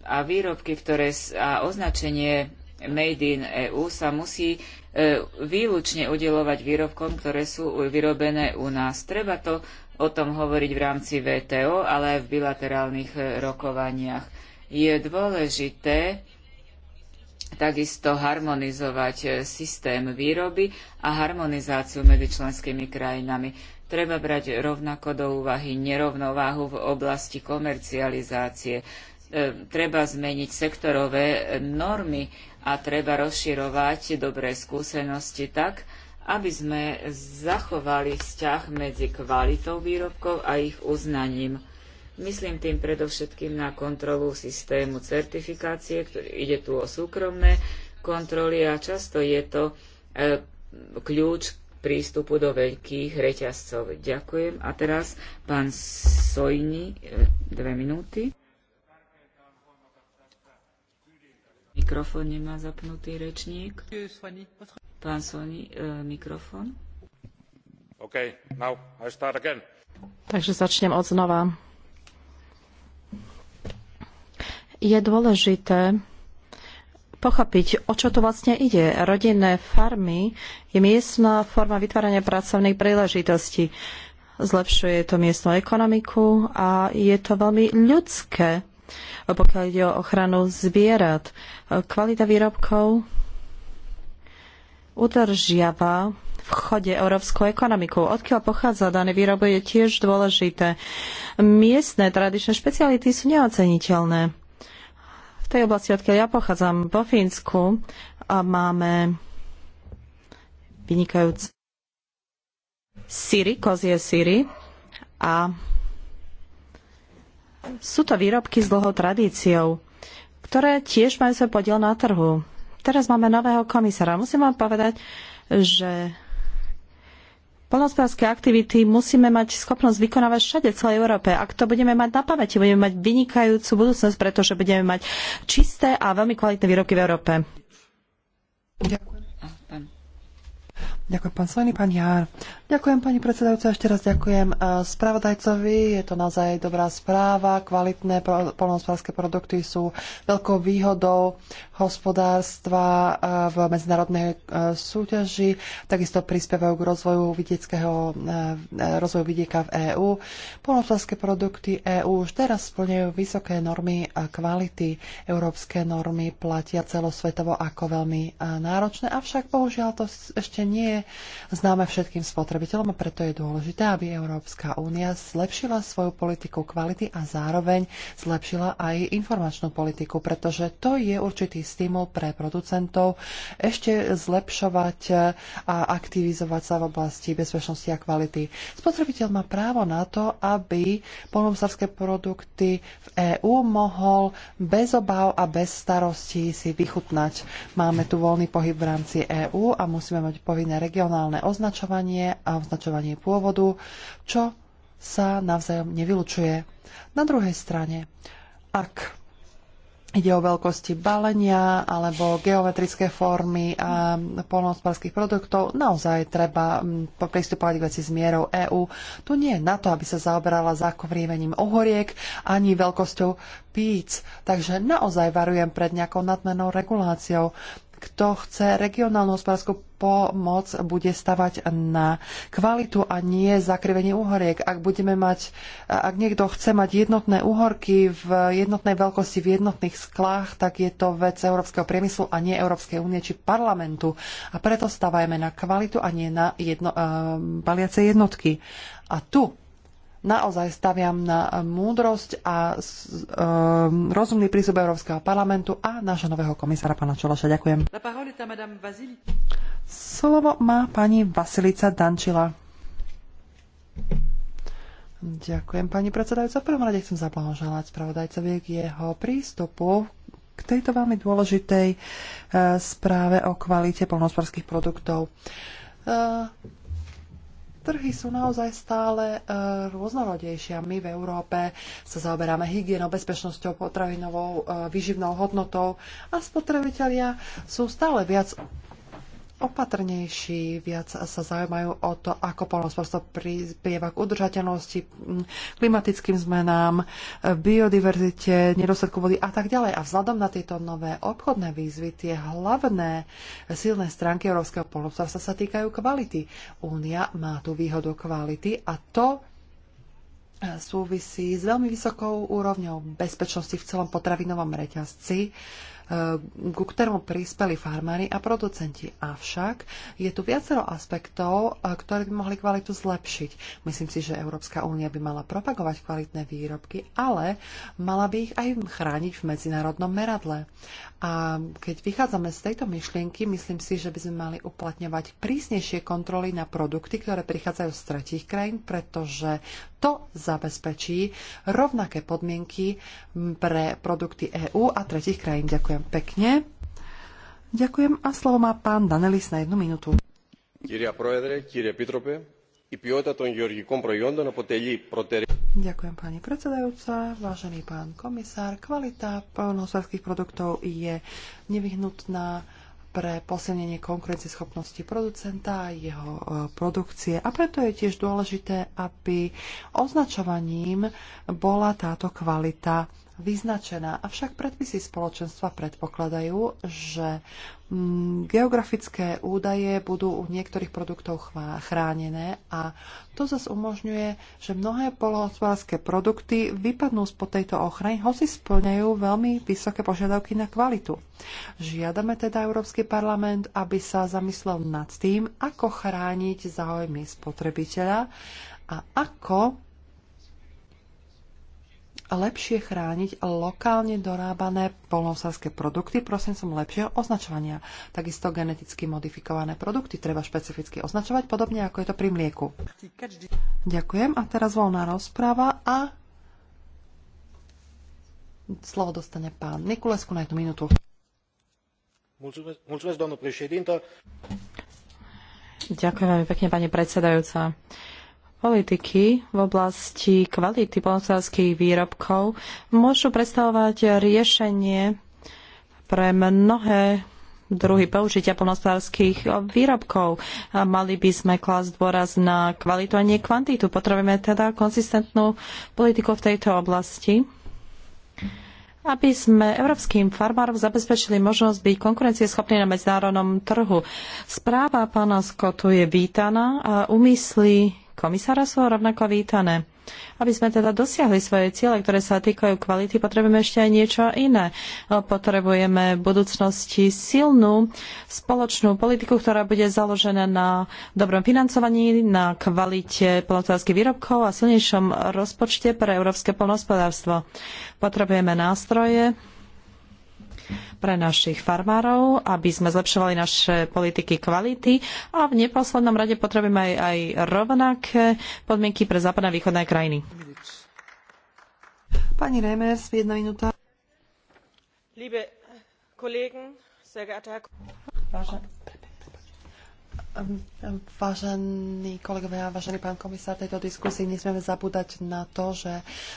Speaker 2: a výrobky, ktoré a označenie Made in EU sa musí e, výlučne udelovať výrobkom, ktoré sú vyrobené u nás. Treba to o tom hovoriť v rámci VTO, ale aj v bilaterálnych rokovaniach je dôležité takisto harmonizovať e, systém výroby a harmonizáciu medzi členskými krajinami. Treba brať rovnako do úvahy nerovnováhu v oblasti komercializácie. E, treba zmeniť sektorové normy a treba rozširovať dobré skúsenosti tak, aby sme zachovali vzťah medzi kvalitou výrobkov a ich uznaním. Myslím tým predovšetkým na kontrolu systému certifikácie, ktorý ide tu o súkromné kontroly a často je to e, kľúč k prístupu do veľkých reťazcov. Ďakujem. A teraz pán Sojni, e, dve minúty. Mikrofón nemá zapnutý rečník. Pán Sojni, e, mikrofón. Takže
Speaker 3: začnem od znova. je dôležité pochopiť, o čo tu vlastne ide. Rodinné farmy je miestna forma vytvárania pracovnej príležitosti. Zlepšuje to miestnu ekonomiku a je to veľmi ľudské, pokiaľ ide o ochranu zvierat. Kvalita výrobkov udržiava v chode európsku ekonomiku. Odkiaľ pochádza daný výrobok je tiež dôležité. Miestne tradičné špeciality sú neoceniteľné tej oblasti, odkiaľ ja pochádzam, vo Fínsku, a máme vynikajúce syry, kozie syry a sú to výrobky s dlhou tradíciou, ktoré tiež majú svoj podiel na trhu. Teraz máme nového komisára. Musím vám povedať, že Polnohospodárske aktivity musíme mať schopnosť vykonávať všade v celej Európe. Ak to budeme mať na pamäti, budeme mať vynikajúcu budúcnosť, pretože budeme mať čisté a veľmi kvalitné výroky v Európe. Ďakujem.
Speaker 1: Ďakujem, pán Svojný, pán Jár. Ďakujem, pani predsedajúca. Ešte raz ďakujem eh, spravodajcovi. Je to naozaj dobrá správa. Kvalitné polnohospodárske produkty sú veľkou výhodou hospodárstva eh, v medzinárodnej eh, súťaži. Takisto prispievajú k rozvoju, vidieckého, rozvoju vidieka v EÚ. Polnohospodárske produkty EÚ už teraz splňujú vysoké normy a kvality. Európske normy platia celosvetovo ako veľmi náročné, avšak bohužiaľ to ešte nie je známe všetkým spotrebom spotrebiteľom a preto je dôležité, aby Európska únia zlepšila svoju politiku kvality a zároveň zlepšila aj informačnú politiku, pretože to je určitý stimul pre producentov ešte zlepšovať a aktivizovať sa v oblasti bezpečnosti a kvality. Spotrebiteľ má právo na to, aby polnomsárske produkty v EÚ mohol bez obav a bez starostí si vychutnať. Máme tu voľný pohyb v rámci EÚ a musíme mať povinné regionálne označovanie a označovanie pôvodu, čo sa navzájom nevylučuje. Na druhej strane, ak ide o veľkosti balenia alebo geometrické formy a polnohospodárských produktov, naozaj treba mm, pristupovať k veci s mierou EÚ. Tu nie je na to, aby sa zaoberala zakovrívením ohoriek ani veľkosťou píc. Takže naozaj varujem pred nejakou nadmenou reguláciou. Kto chce regionálnu hospodárskú pomoc, bude stavať na kvalitu a nie zakrivenie uhoriek. Ak, budeme mať, ak niekto chce mať jednotné uhorky v jednotnej veľkosti, v jednotných sklách, tak je to vec európskeho priemyslu a nie Európskej únie či parlamentu. A preto stavajme na kvalitu a nie na jedno, uh, ehm, baliace jednotky. A tu naozaj staviam na múdrosť a um, rozumný prístup Európskeho parlamentu a nášho nového komisára pána Čološa. Ďakujem. Slovo má pani Vasilica Dančila. Ďakujem, pani predsedajúca. V prvom rade chcem zablahoželať spravodajcovi k jeho prístupu k tejto veľmi dôležitej eh, správe o kvalite polnospodárských produktov. Eh, Trhy sú naozaj stále e, rôznorodejšie. My v Európe sa zaoberáme hygienou, bezpečnosťou, potravinovou, e, výživnou hodnotou a spotrebitelia sú stále viac opatrnejší, viac sa zaujímajú o to, ako polnospodstvo prispieva k udržateľnosti, klimatickým zmenám, biodiverzite, nedostatku vody a tak ďalej. A vzhľadom na tieto nové obchodné výzvy, tie hlavné silné stránky európskeho polnospodstva sa týkajú kvality. Únia má tú výhodu kvality a to súvisí s veľmi vysokou úrovňou bezpečnosti v celom potravinovom reťazci Eh, ku ktorému prispeli farmári a producenti. Avšak je tu viacero aspektov, eh, ktoré by mohli kvalitu zlepšiť. Myslím si, že Európska únia by mala propagovať kvalitné výrobky, ale mala by ich aj chrániť v medzinárodnom meradle. A keď vychádzame z tejto myšlienky, myslím si, že by sme mali uplatňovať prísnejšie kontroly na produkty, ktoré prichádzajú z tretích krajín, pretože to zabezpečí rovnaké podmienky pre produkty EÚ a tretích krajín. Ďakujem. Ďakujem pekne. Ďakujem a slovo má pán Danelis na jednu minútu. Ďakujem pani predsedajúca, vážený pán komisár. Kvalita poľnohospodárskych produktov je nevyhnutná pre posilnenie konkurencieschopnosti producenta a jeho e, produkcie. A preto je tiež dôležité, aby označovaním bola táto kvalita vyznačená. Avšak predpisy spoločenstva predpokladajú, že mm, geografické údaje budú u niektorých produktov chránené a to zase umožňuje, že mnohé polohospodárske produkty vypadnú spod tejto ochrany, hoci splňajú veľmi vysoké požiadavky na kvalitu. Žiadame teda Európsky parlament, aby sa zamyslel nad tým, ako chrániť záujmy spotrebiteľa a ako lepšie chrániť lokálne dorábané polnohospodárske produkty prosím som lepšieho označovania. Takisto geneticky modifikované produkty treba špecificky označovať, podobne ako je to pri mlieku. Ďakujem a teraz voľná rozpráva a slovo dostane pán Nikulesku na jednu
Speaker 3: minútu. Ďakujem veľmi pekne, pani predsedajúca politiky v oblasti kvality polnospodárských výrobkov môžu predstavovať riešenie pre mnohé druhy použitia polnospodárských výrobkov. A mali by sme klásť dôraz na kvalitu a nie kvantitu. Potrebujeme teda konsistentnú politiku v tejto oblasti aby sme európskym farmárom zabezpečili možnosť byť konkurencieschopní na medzinárodnom trhu. Správa pána Skotu je vítaná a umyslí komisára sú rovnako vítané. Aby sme teda dosiahli svoje ciele, ktoré sa týkajú kvality, potrebujeme ešte aj niečo iné. Potrebujeme v budúcnosti silnú spoločnú politiku, ktorá bude založená na dobrom financovaní, na kvalite polnospodárských výrobkov a silnejšom rozpočte pre európske polnospodárstvo. Potrebujeme nástroje, pre našich farmárov, aby sme zlepšovali naše politiky kvality a v neposlednom rade potrebujeme aj, aj rovnaké podmienky pre západné a východné krajiny. Pani
Speaker 1: Remers, jedna minúta.
Speaker 2: Liebe
Speaker 3: Kollegen, sehr geehrter
Speaker 1: Herr Ehm, vážení kolegovia, vážený pán komisár, tejto diskusii nesmieme zabúdať na to, že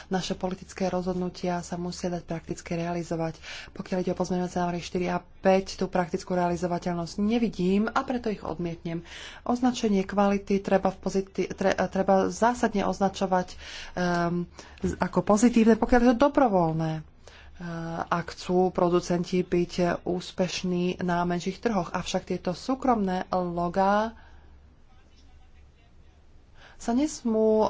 Speaker 1: naše politické rozhodnutia sa musia dať prakticky realizovať. Pokiaľ ide o pozmeňovacie návrhy 4 a 5, tú praktickú realizovateľnosť nevidím a preto ich odmietnem. Označenie kvality treba, v tre- treba zásadne označovať um, ako pozitívne, pokiaľ je to dobrovoľné Eh, ak chcú producenti byť úspešní na menších trhoch. Avšak tieto súkromné logá sa nesmú uh,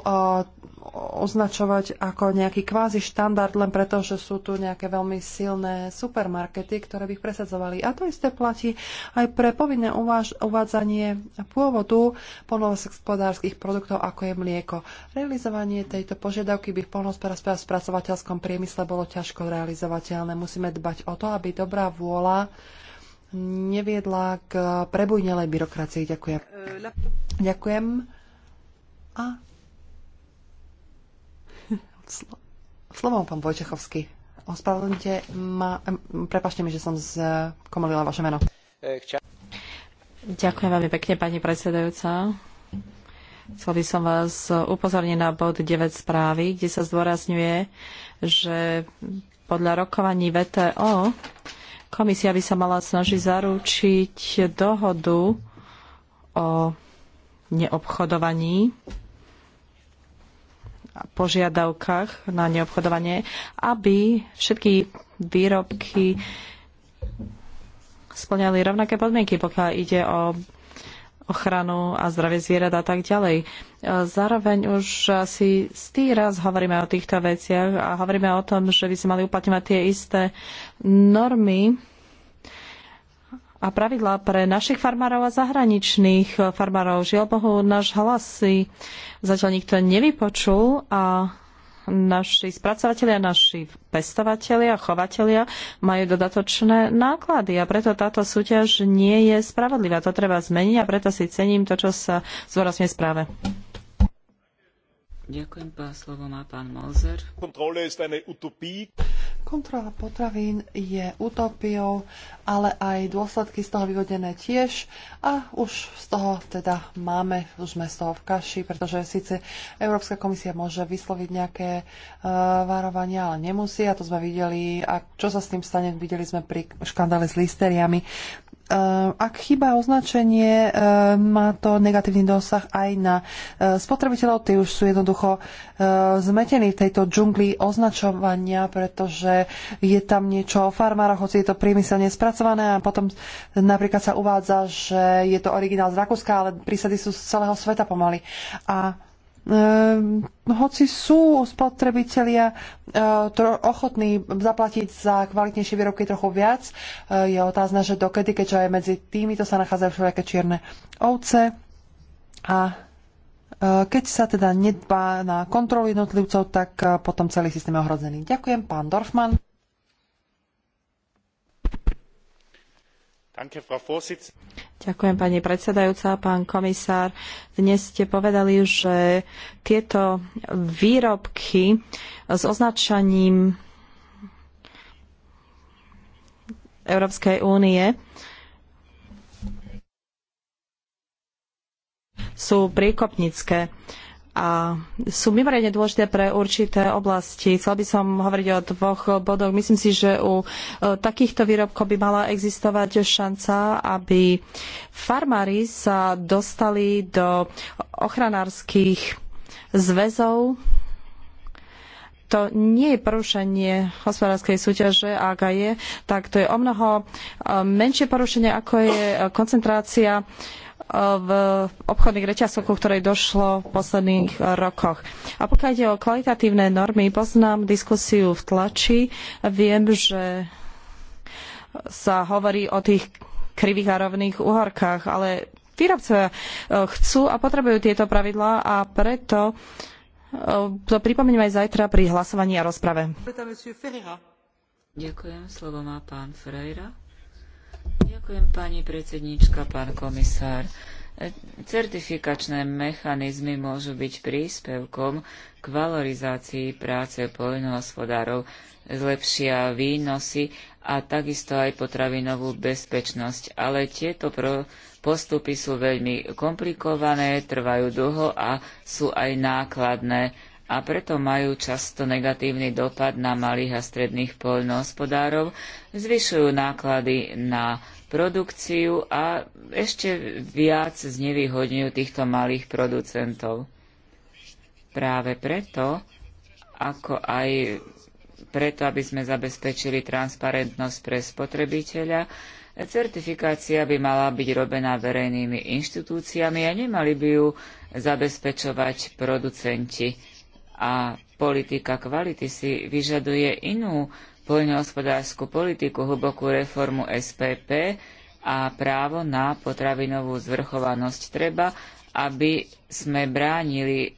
Speaker 1: označovať ako nejaký kvázi štandard len preto, že sú tu nejaké veľmi silné supermarkety, ktoré by ich presadzovali. A to isté platí aj pre povinné uváž- uvádzanie pôvodu polnohospodárských produktov, ako je mlieko. Realizovanie tejto požiadavky by v polnohospodárskom spracovateľskom priemysle bolo ťažko realizovateľné. Musíme dbať o to, aby dobrá vôľa neviedla k prebujnelej byrokracii. Ďakujem. E, Ďakujem. A slovom pán Vojčechovský. Ospravedlňte ma, prepašte
Speaker 3: mi, že som skomolila vaše meno. Ďakujem veľmi pekne, pani predsedajúca. Chcel by som vás upozorniť na bod 9 správy, kde sa zdôrazňuje, že podľa rokovaní VTO komisia by sa mala snažiť zaručiť dohodu o neobchodovaní požiadavkách na neobchodovanie, aby všetky výrobky splňali rovnaké podmienky, pokiaľ ide o ochranu a zdravie zvierat a tak ďalej. Zároveň už asi stý raz hovoríme o týchto veciach a hovoríme o tom, že by sme mali uplatňovať tie isté normy, a pravidlá pre našich farmárov a zahraničných farmárov. Žiaľ Bohu, náš hlas si zatiaľ nikto nevypočul a naši spracovatelia, naši pestovatelia, chovatelia majú dodatočné náklady a preto táto súťaž nie je spravodlivá. To treba zmeniť a preto si cením to, čo sa zvorazne správe.
Speaker 2: Ďakujem, pán slovo má pán Molzer.
Speaker 3: Kontrola potravín je
Speaker 1: utopiou, ale aj dôsledky z toho vyvodené tiež a už z toho teda máme, už sme z toho v kaši, pretože síce Európska komisia môže vysloviť nejaké uh, varovania, ale nemusí a to sme videli a čo sa s tým stane, videli sme pri škandále s listeriami. Eh, ak chýba označenie, eh, má to negatívny dosah aj na eh, spotrebiteľov. Tí už sú jednoducho zmetení v tejto džungli označovania, pretože je tam niečo o farmároch, hoci je to priemyselne spracované a potom napríklad sa uvádza, že je to originál z Rakúska, ale prísady sú z celého sveta pomaly. A Uh, hoci sú spotrebitelia uh, ochotní zaplatiť za kvalitnejšie výrobky trochu viac, uh, je otázna, že dokedy, keďže aj medzi týmito sa nachádzajú všelijaké čierne ovce. A e, keď sa teda nedbá na kontrolu jednotlivcov, tak potom celý systém je ohrozený. Ďakujem, pán Dorfman.
Speaker 3: Ďakujem, pani predsedajúca, pán komisár. Dnes ste povedali, že tieto výrobky s označaním Európskej únie sú priekopnícke a sú mimoriadne dôležité pre určité oblasti. Chcel by som hovoriť o dvoch bodoch. Myslím si, že u e, takýchto výrobkov by mala existovať šanca, aby farmári sa dostali do ochranárskych zväzov. To nie je porušenie hospodárskej súťaže, ak aj je, tak to je o mnoho e, menšie porušenie, ako je e, koncentrácia v obchodných reťazcoch, ku ktorej došlo v posledných eh, rokoch. A pokiaľ ide o kvalitatívne normy, poznám diskusiu v tlači. Viem, že sa hovorí o tých krivých a rovných uhorkách, ale výrobce eh, chcú a potrebujú tieto pravidlá a preto eh, to pripomeniem aj zajtra pri hlasovaní a rozprave.
Speaker 2: Ďakujem. Slovo má pán Ferreira. Ďakujem pani predsedníčka, pán komisár. Certifikačné mechanizmy môžu byť príspevkom k valorizácii práce poľnohospodárov, zlepšia výnosy a takisto aj potravinovú bezpečnosť. Ale tieto postupy sú veľmi komplikované, trvajú dlho a sú aj nákladné a preto majú často negatívny dopad na malých a stredných poľnohospodárov, zvyšujú náklady na produkciu a ešte viac znevýhodňujú týchto malých producentov. Práve preto, ako aj preto, aby sme zabezpečili transparentnosť pre spotrebiteľa, certifikácia by mala byť robená verejnými inštitúciami a nemali by ju zabezpečovať producenti. A politika kvality si vyžaduje inú poľnohospodárskú politiku, hlbokú reformu SPP a právo na potravinovú zvrchovanosť. Treba, aby sme bránili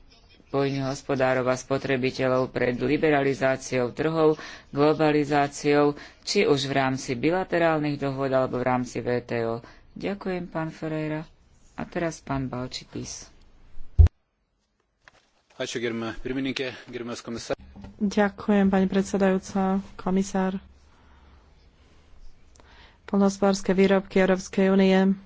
Speaker 2: poľnohospodárov a spotrebiteľov pred liberalizáciou trhov, globalizáciou, či už v rámci bilaterálnych dohôd alebo v rámci VTO. Ďakujem, pán Ferreira. A teraz pán Balčitis.
Speaker 3: Ďakujem, pani predsedajúca, komisár. Polnospodárske výrobky Európskej únie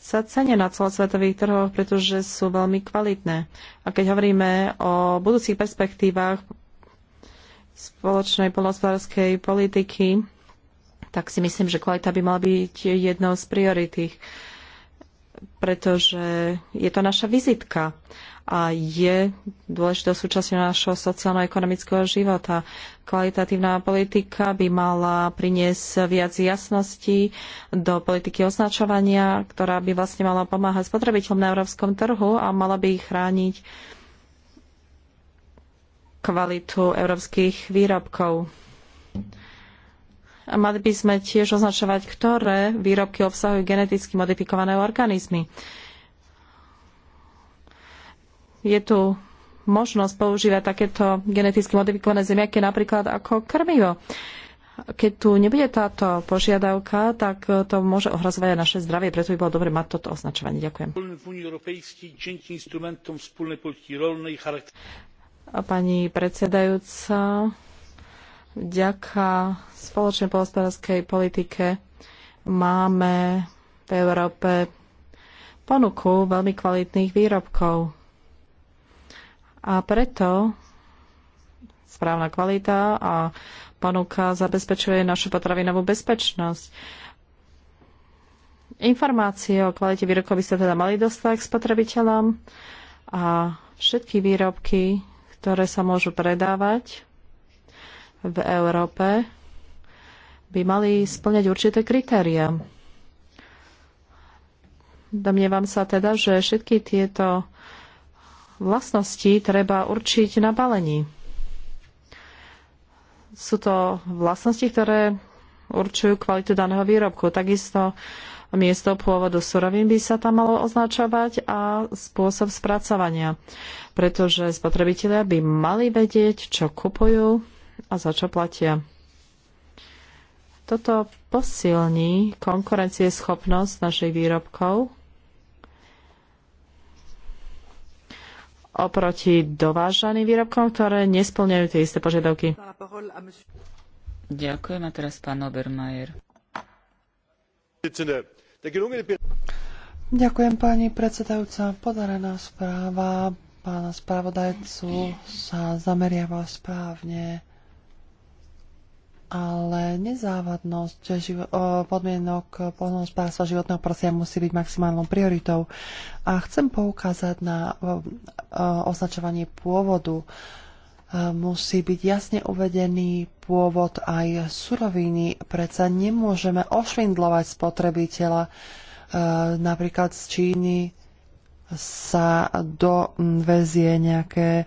Speaker 3: sa cenia na celosvetových trhoch, pretože sú veľmi kvalitné. A keď hovoríme o budúcich perspektívach spoločnej polnospodárskej politiky, tak si myslím, že kvalita by mala byť jednou z prioritých, pretože je to naša vizitka a je dôležitou súčasťou nášho sociálno-ekonomického života. Kvalitatívna politika by mala priniesť viac jasnosti do politiky označovania, ktorá by vlastne mala pomáhať spotrebiteľom na európskom trhu a mala by ich chrániť kvalitu európskych výrobkov. A mali by sme tiež označovať, ktoré výrobky obsahujú geneticky modifikované organizmy je tu možnosť používať takéto geneticky modifikované zemiaky napríklad ako krmivo. Keď tu nebude táto požiadavka, tak to môže ohrozovať aj naše zdravie, preto by bolo dobre mať toto označovanie. Ďakujem. Pani predsedajúca, vďaka spoločnej polospodárskej politike máme v Európe ponuku veľmi kvalitných výrobkov a preto správna kvalita a ponuka zabezpečuje našu potravinovú bezpečnosť. Informácie o kvalite výrobkov by ste teda mali dostať k spotrebiteľom a všetky výrobky, ktoré sa môžu predávať v Európe, by mali splňať určité kritéria. Domnievam sa teda, že všetky tieto vlastnosti treba určiť na balení. Sú to vlastnosti, ktoré určujú kvalitu daného výrobku. Takisto miesto pôvodu surovín by sa tam malo označovať a spôsob spracovania, pretože spotrebitelia by mali vedieť, čo kupujú a za čo platia. Toto posilní konkurencieschopnosť našich výrobkov oproti dovážaným výrobkom, ktoré nesplňajú tie isté požiadavky.
Speaker 2: Ďakujem a teraz pán Obermajer.
Speaker 3: Ďakujem pani
Speaker 1: predsedajúca. Podarená správa pána spravodajcu sa zameriava správne ale nezávadnosť živ- podmienok poľnohospodárstva životného prostredia musí byť maximálnou prioritou. A chcem poukázať na označovanie pôvodu. E, musí byť jasne uvedený pôvod aj suroviny. Preca nemôžeme ošvindlovať spotrebiteľa e, napríklad z Číny sa dovezie nejaké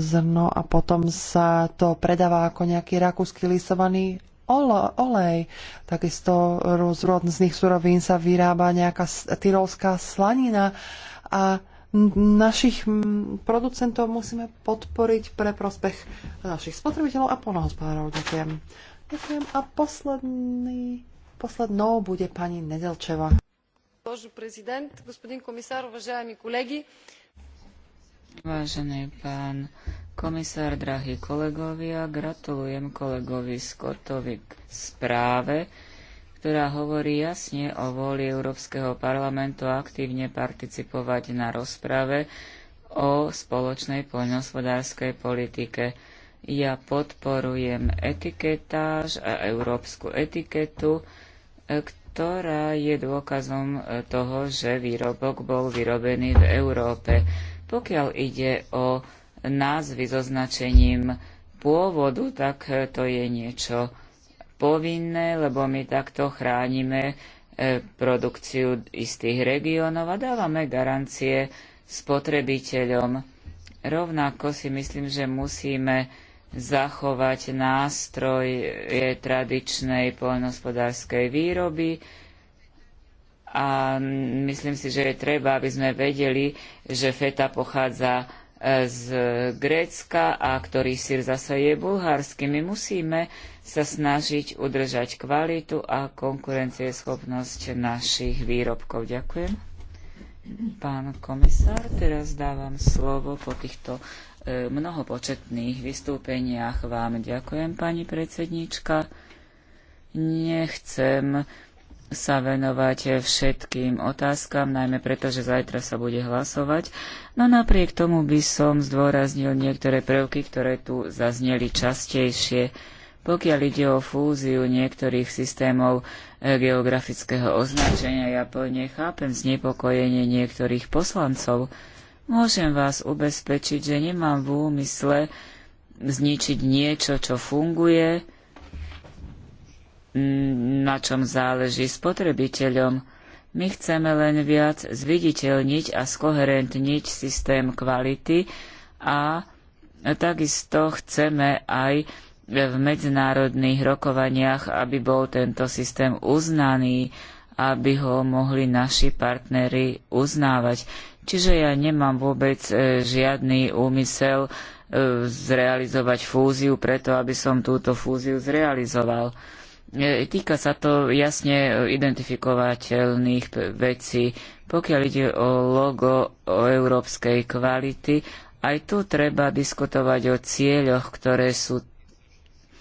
Speaker 1: zrno a potom sa to predáva ako nejaký rakúsky lisovaný olej. Takisto z rôznych surovín sa vyrába nejaká tyrolská slanina a našich producentov musíme podporiť pre prospech našich spotrebiteľov a polnohospodárov. Ďakujem. Ďakujem. A posledný, poslednou bude pani Nedelčeva. Pán prezident, pán komisár, vážení колеги!
Speaker 2: Vážený pán komisár, drahí kolegovia, gratulujem kolegovi Scottovi k správe, ktorá hovorí jasne o vôli Európskeho parlamentu aktívne participovať na rozprave o spoločnej poľnohospodárskej politike. Ja podporujem etiketáž a európsku etiketu, ktorá je dôkazom toho, že výrobok bol vyrobený v Európe. Pokiaľ ide o názvy s označením pôvodu, tak to je niečo povinné, lebo my takto chránime e, produkciu istých regiónov a dávame garancie spotrebiteľom. Rovnako si myslím, že musíme zachovať nástroj e, tradičnej poľnohospodárskej výroby, a myslím si, že je treba, aby sme vedeli, že feta pochádza e, z Grécka a ktorý sír zase je bulharský. My musíme sa snažiť udržať kvalitu a konkurencieschopnosť našich výrobkov. Ďakujem. Pán komisár, teraz dávam slovo po týchto e, mnohopočetných vystúpeniach vám. Ďakujem, pani predsednička. Nechcem sa venovať všetkým otázkam, najmä preto, že zajtra sa bude hlasovať. No napriek tomu by som zdôraznil niektoré prvky, ktoré tu zazneli častejšie. Pokiaľ ide o fúziu niektorých systémov e, geografického označenia, ja plne chápem znepokojenie niektorých poslancov. Môžem vás ubezpečiť, že nemám v úmysle zničiť niečo, čo funguje, na čom záleží spotrebiteľom. My chceme len viac zviditeľniť a skoherentniť systém kvality a takisto chceme aj v medzinárodných rokovaniach, aby bol tento systém uznaný, aby ho mohli naši partnery uznávať. Čiže ja nemám vôbec e, žiadny úmysel e, zrealizovať fúziu preto, aby som túto fúziu zrealizoval. E, týka sa to jasne identifikovateľných vecí. Pokiaľ ide o logo o európskej kvality, aj tu treba diskutovať o cieľoch, ktoré sú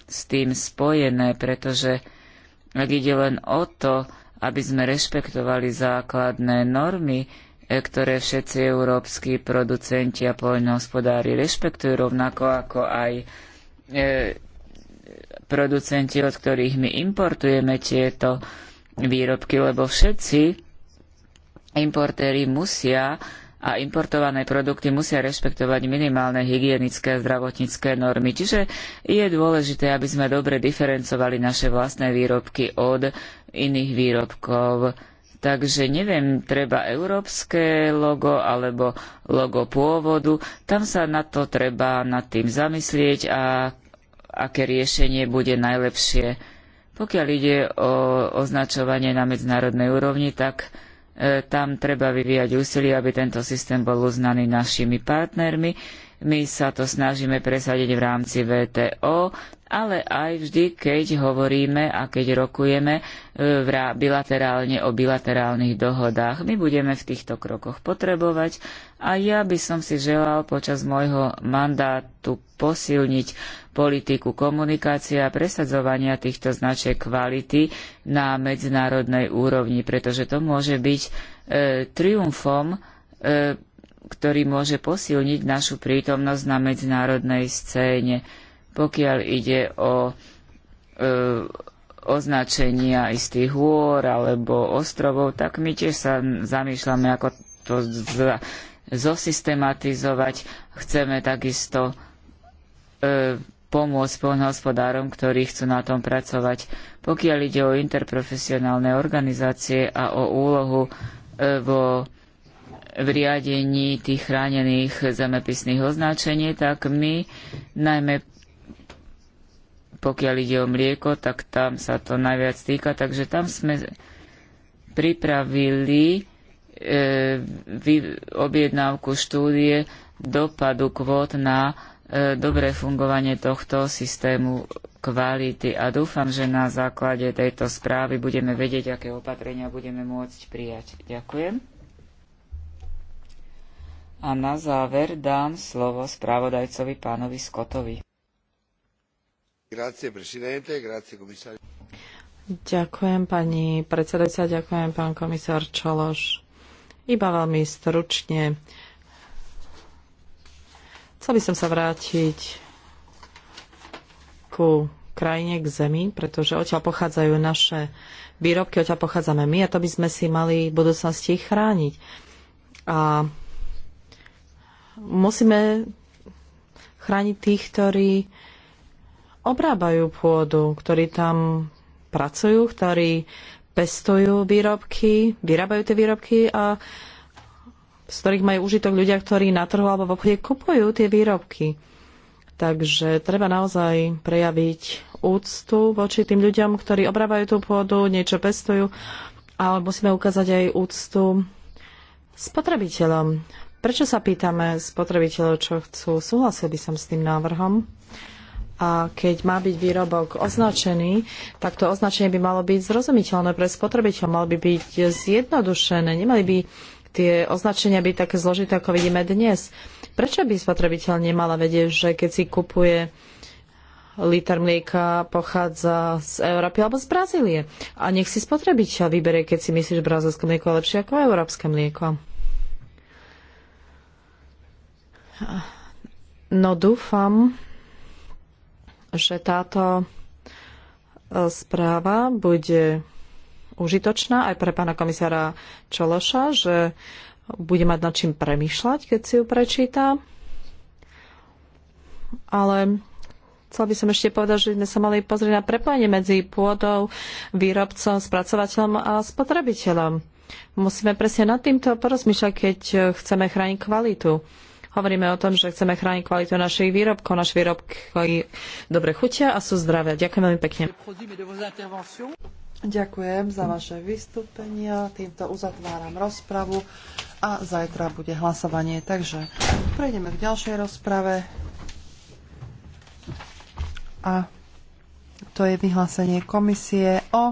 Speaker 2: s tým spojené, pretože ak ide len o to, aby sme rešpektovali základné normy, e, ktoré všetci európski producenti a poľnohospodári rešpektujú rovnako ako aj e, producenti, od ktorých my importujeme tieto výrobky, lebo všetci importéri musia a importované produkty musia rešpektovať minimálne hygienické a zdravotnícke normy. Čiže je dôležité, aby sme dobre diferencovali naše vlastné výrobky od iných výrobkov. Takže neviem, treba európske logo alebo logo pôvodu. Tam sa na to treba nad tým zamyslieť a aké riešenie bude najlepšie. Pokiaľ ide o označovanie na medzinárodnej úrovni, tak e, tam treba vyvíjať úsilie, aby tento systém bol uznaný našimi partnermi my sa to snažíme presadiť v rámci VTO, ale aj vždy, keď hovoríme a keď rokujeme e, bilaterálne o bilaterálnych dohodách. My budeme v týchto krokoch potrebovať a ja by som si želal počas môjho mandátu posilniť politiku komunikácie a presadzovania týchto značiek kvality na medzinárodnej úrovni, pretože to môže byť e, triumfom e, ktorý môže posilniť našu prítomnosť na medzinárodnej scéne, pokiaľ ide o e, označenia istých hôr alebo ostrovov, tak my tiež sa zamýšľame, ako to z, zosystematizovať. Chceme takisto e, pomôcť poľnohospodárom, ktorí chcú na tom pracovať. Pokiaľ ide o interprofesionálne organizácie a o úlohu e, vo v riadení tých chránených zemepisných označení, tak my najmä pokiaľ ide o mlieko, tak tam sa to najviac týka, takže tam sme pripravili e, objednávku štúdie dopadu kvót na e, dobré fungovanie tohto systému kvality a dúfam, že na základe tejto správy budeme vedieť, aké opatrenia budeme môcť prijať. Ďakujem. A na záver dám slovo správodajcovi pánovi Scottovi.
Speaker 3: Ďakujem pani predsedajca, ďakujem pán komisár Čološ. Iba veľmi stručne. Chcel by som sa vrátiť ku krajine, k zemi, pretože odtiaľ pochádzajú naše výrobky, odtiaľ pochádzame my a to by sme si mali v budúcnosti chrániť. A musíme chrániť tých, ktorí obrábajú pôdu, ktorí tam pracujú, ktorí pestujú výrobky, vyrábajú tie výrobky a z ktorých majú užitok ľudia, ktorí na trhu alebo v obchode kupujú tie výrobky. Takže treba naozaj prejaviť úctu voči tým ľuďom, ktorí obrábajú tú pôdu, niečo pestujú, ale musíme ukázať aj úctu spotrebiteľom. Prečo sa pýtame spotrebiteľov, čo chcú? Súhlasil by som s tým návrhom. A keď má byť výrobok označený, tak to označenie by malo byť zrozumiteľné pre spotrebiteľov, malo by byť zjednodušené, nemali by tie označenia byť také zložité, ako vidíme dnes. Prečo by spotrebiteľ nemala vedieť, že keď si kupuje liter mlieka pochádza z Európy alebo z Brazílie. A nech si spotrebiteľ vybere, keď si myslíš že brazilské mlieko je lepšie ako európske mlieko. No dúfam, že táto e, správa bude užitočná aj pre pána komisára Čološa, že bude mať nad čím premyšľať, keď si ju prečíta. Ale chcel by som ešte povedať, že sme sa mali pozrieť na prepojenie medzi pôdou, výrobcom, spracovateľom a spotrebiteľom. Musíme presne nad týmto porozmýšľať, keď chceme chrániť kvalitu hovoríme o tom, že chceme chrániť kvalitu našich výrobkov. Naše výrobky dobre chutia a sú zdravé. Ďakujem veľmi pekne.
Speaker 1: Ďakujem za vaše vystúpenia. Týmto uzatváram rozpravu a zajtra bude hlasovanie. Takže prejdeme k ďalšej rozprave. A to je vyhlásenie komisie o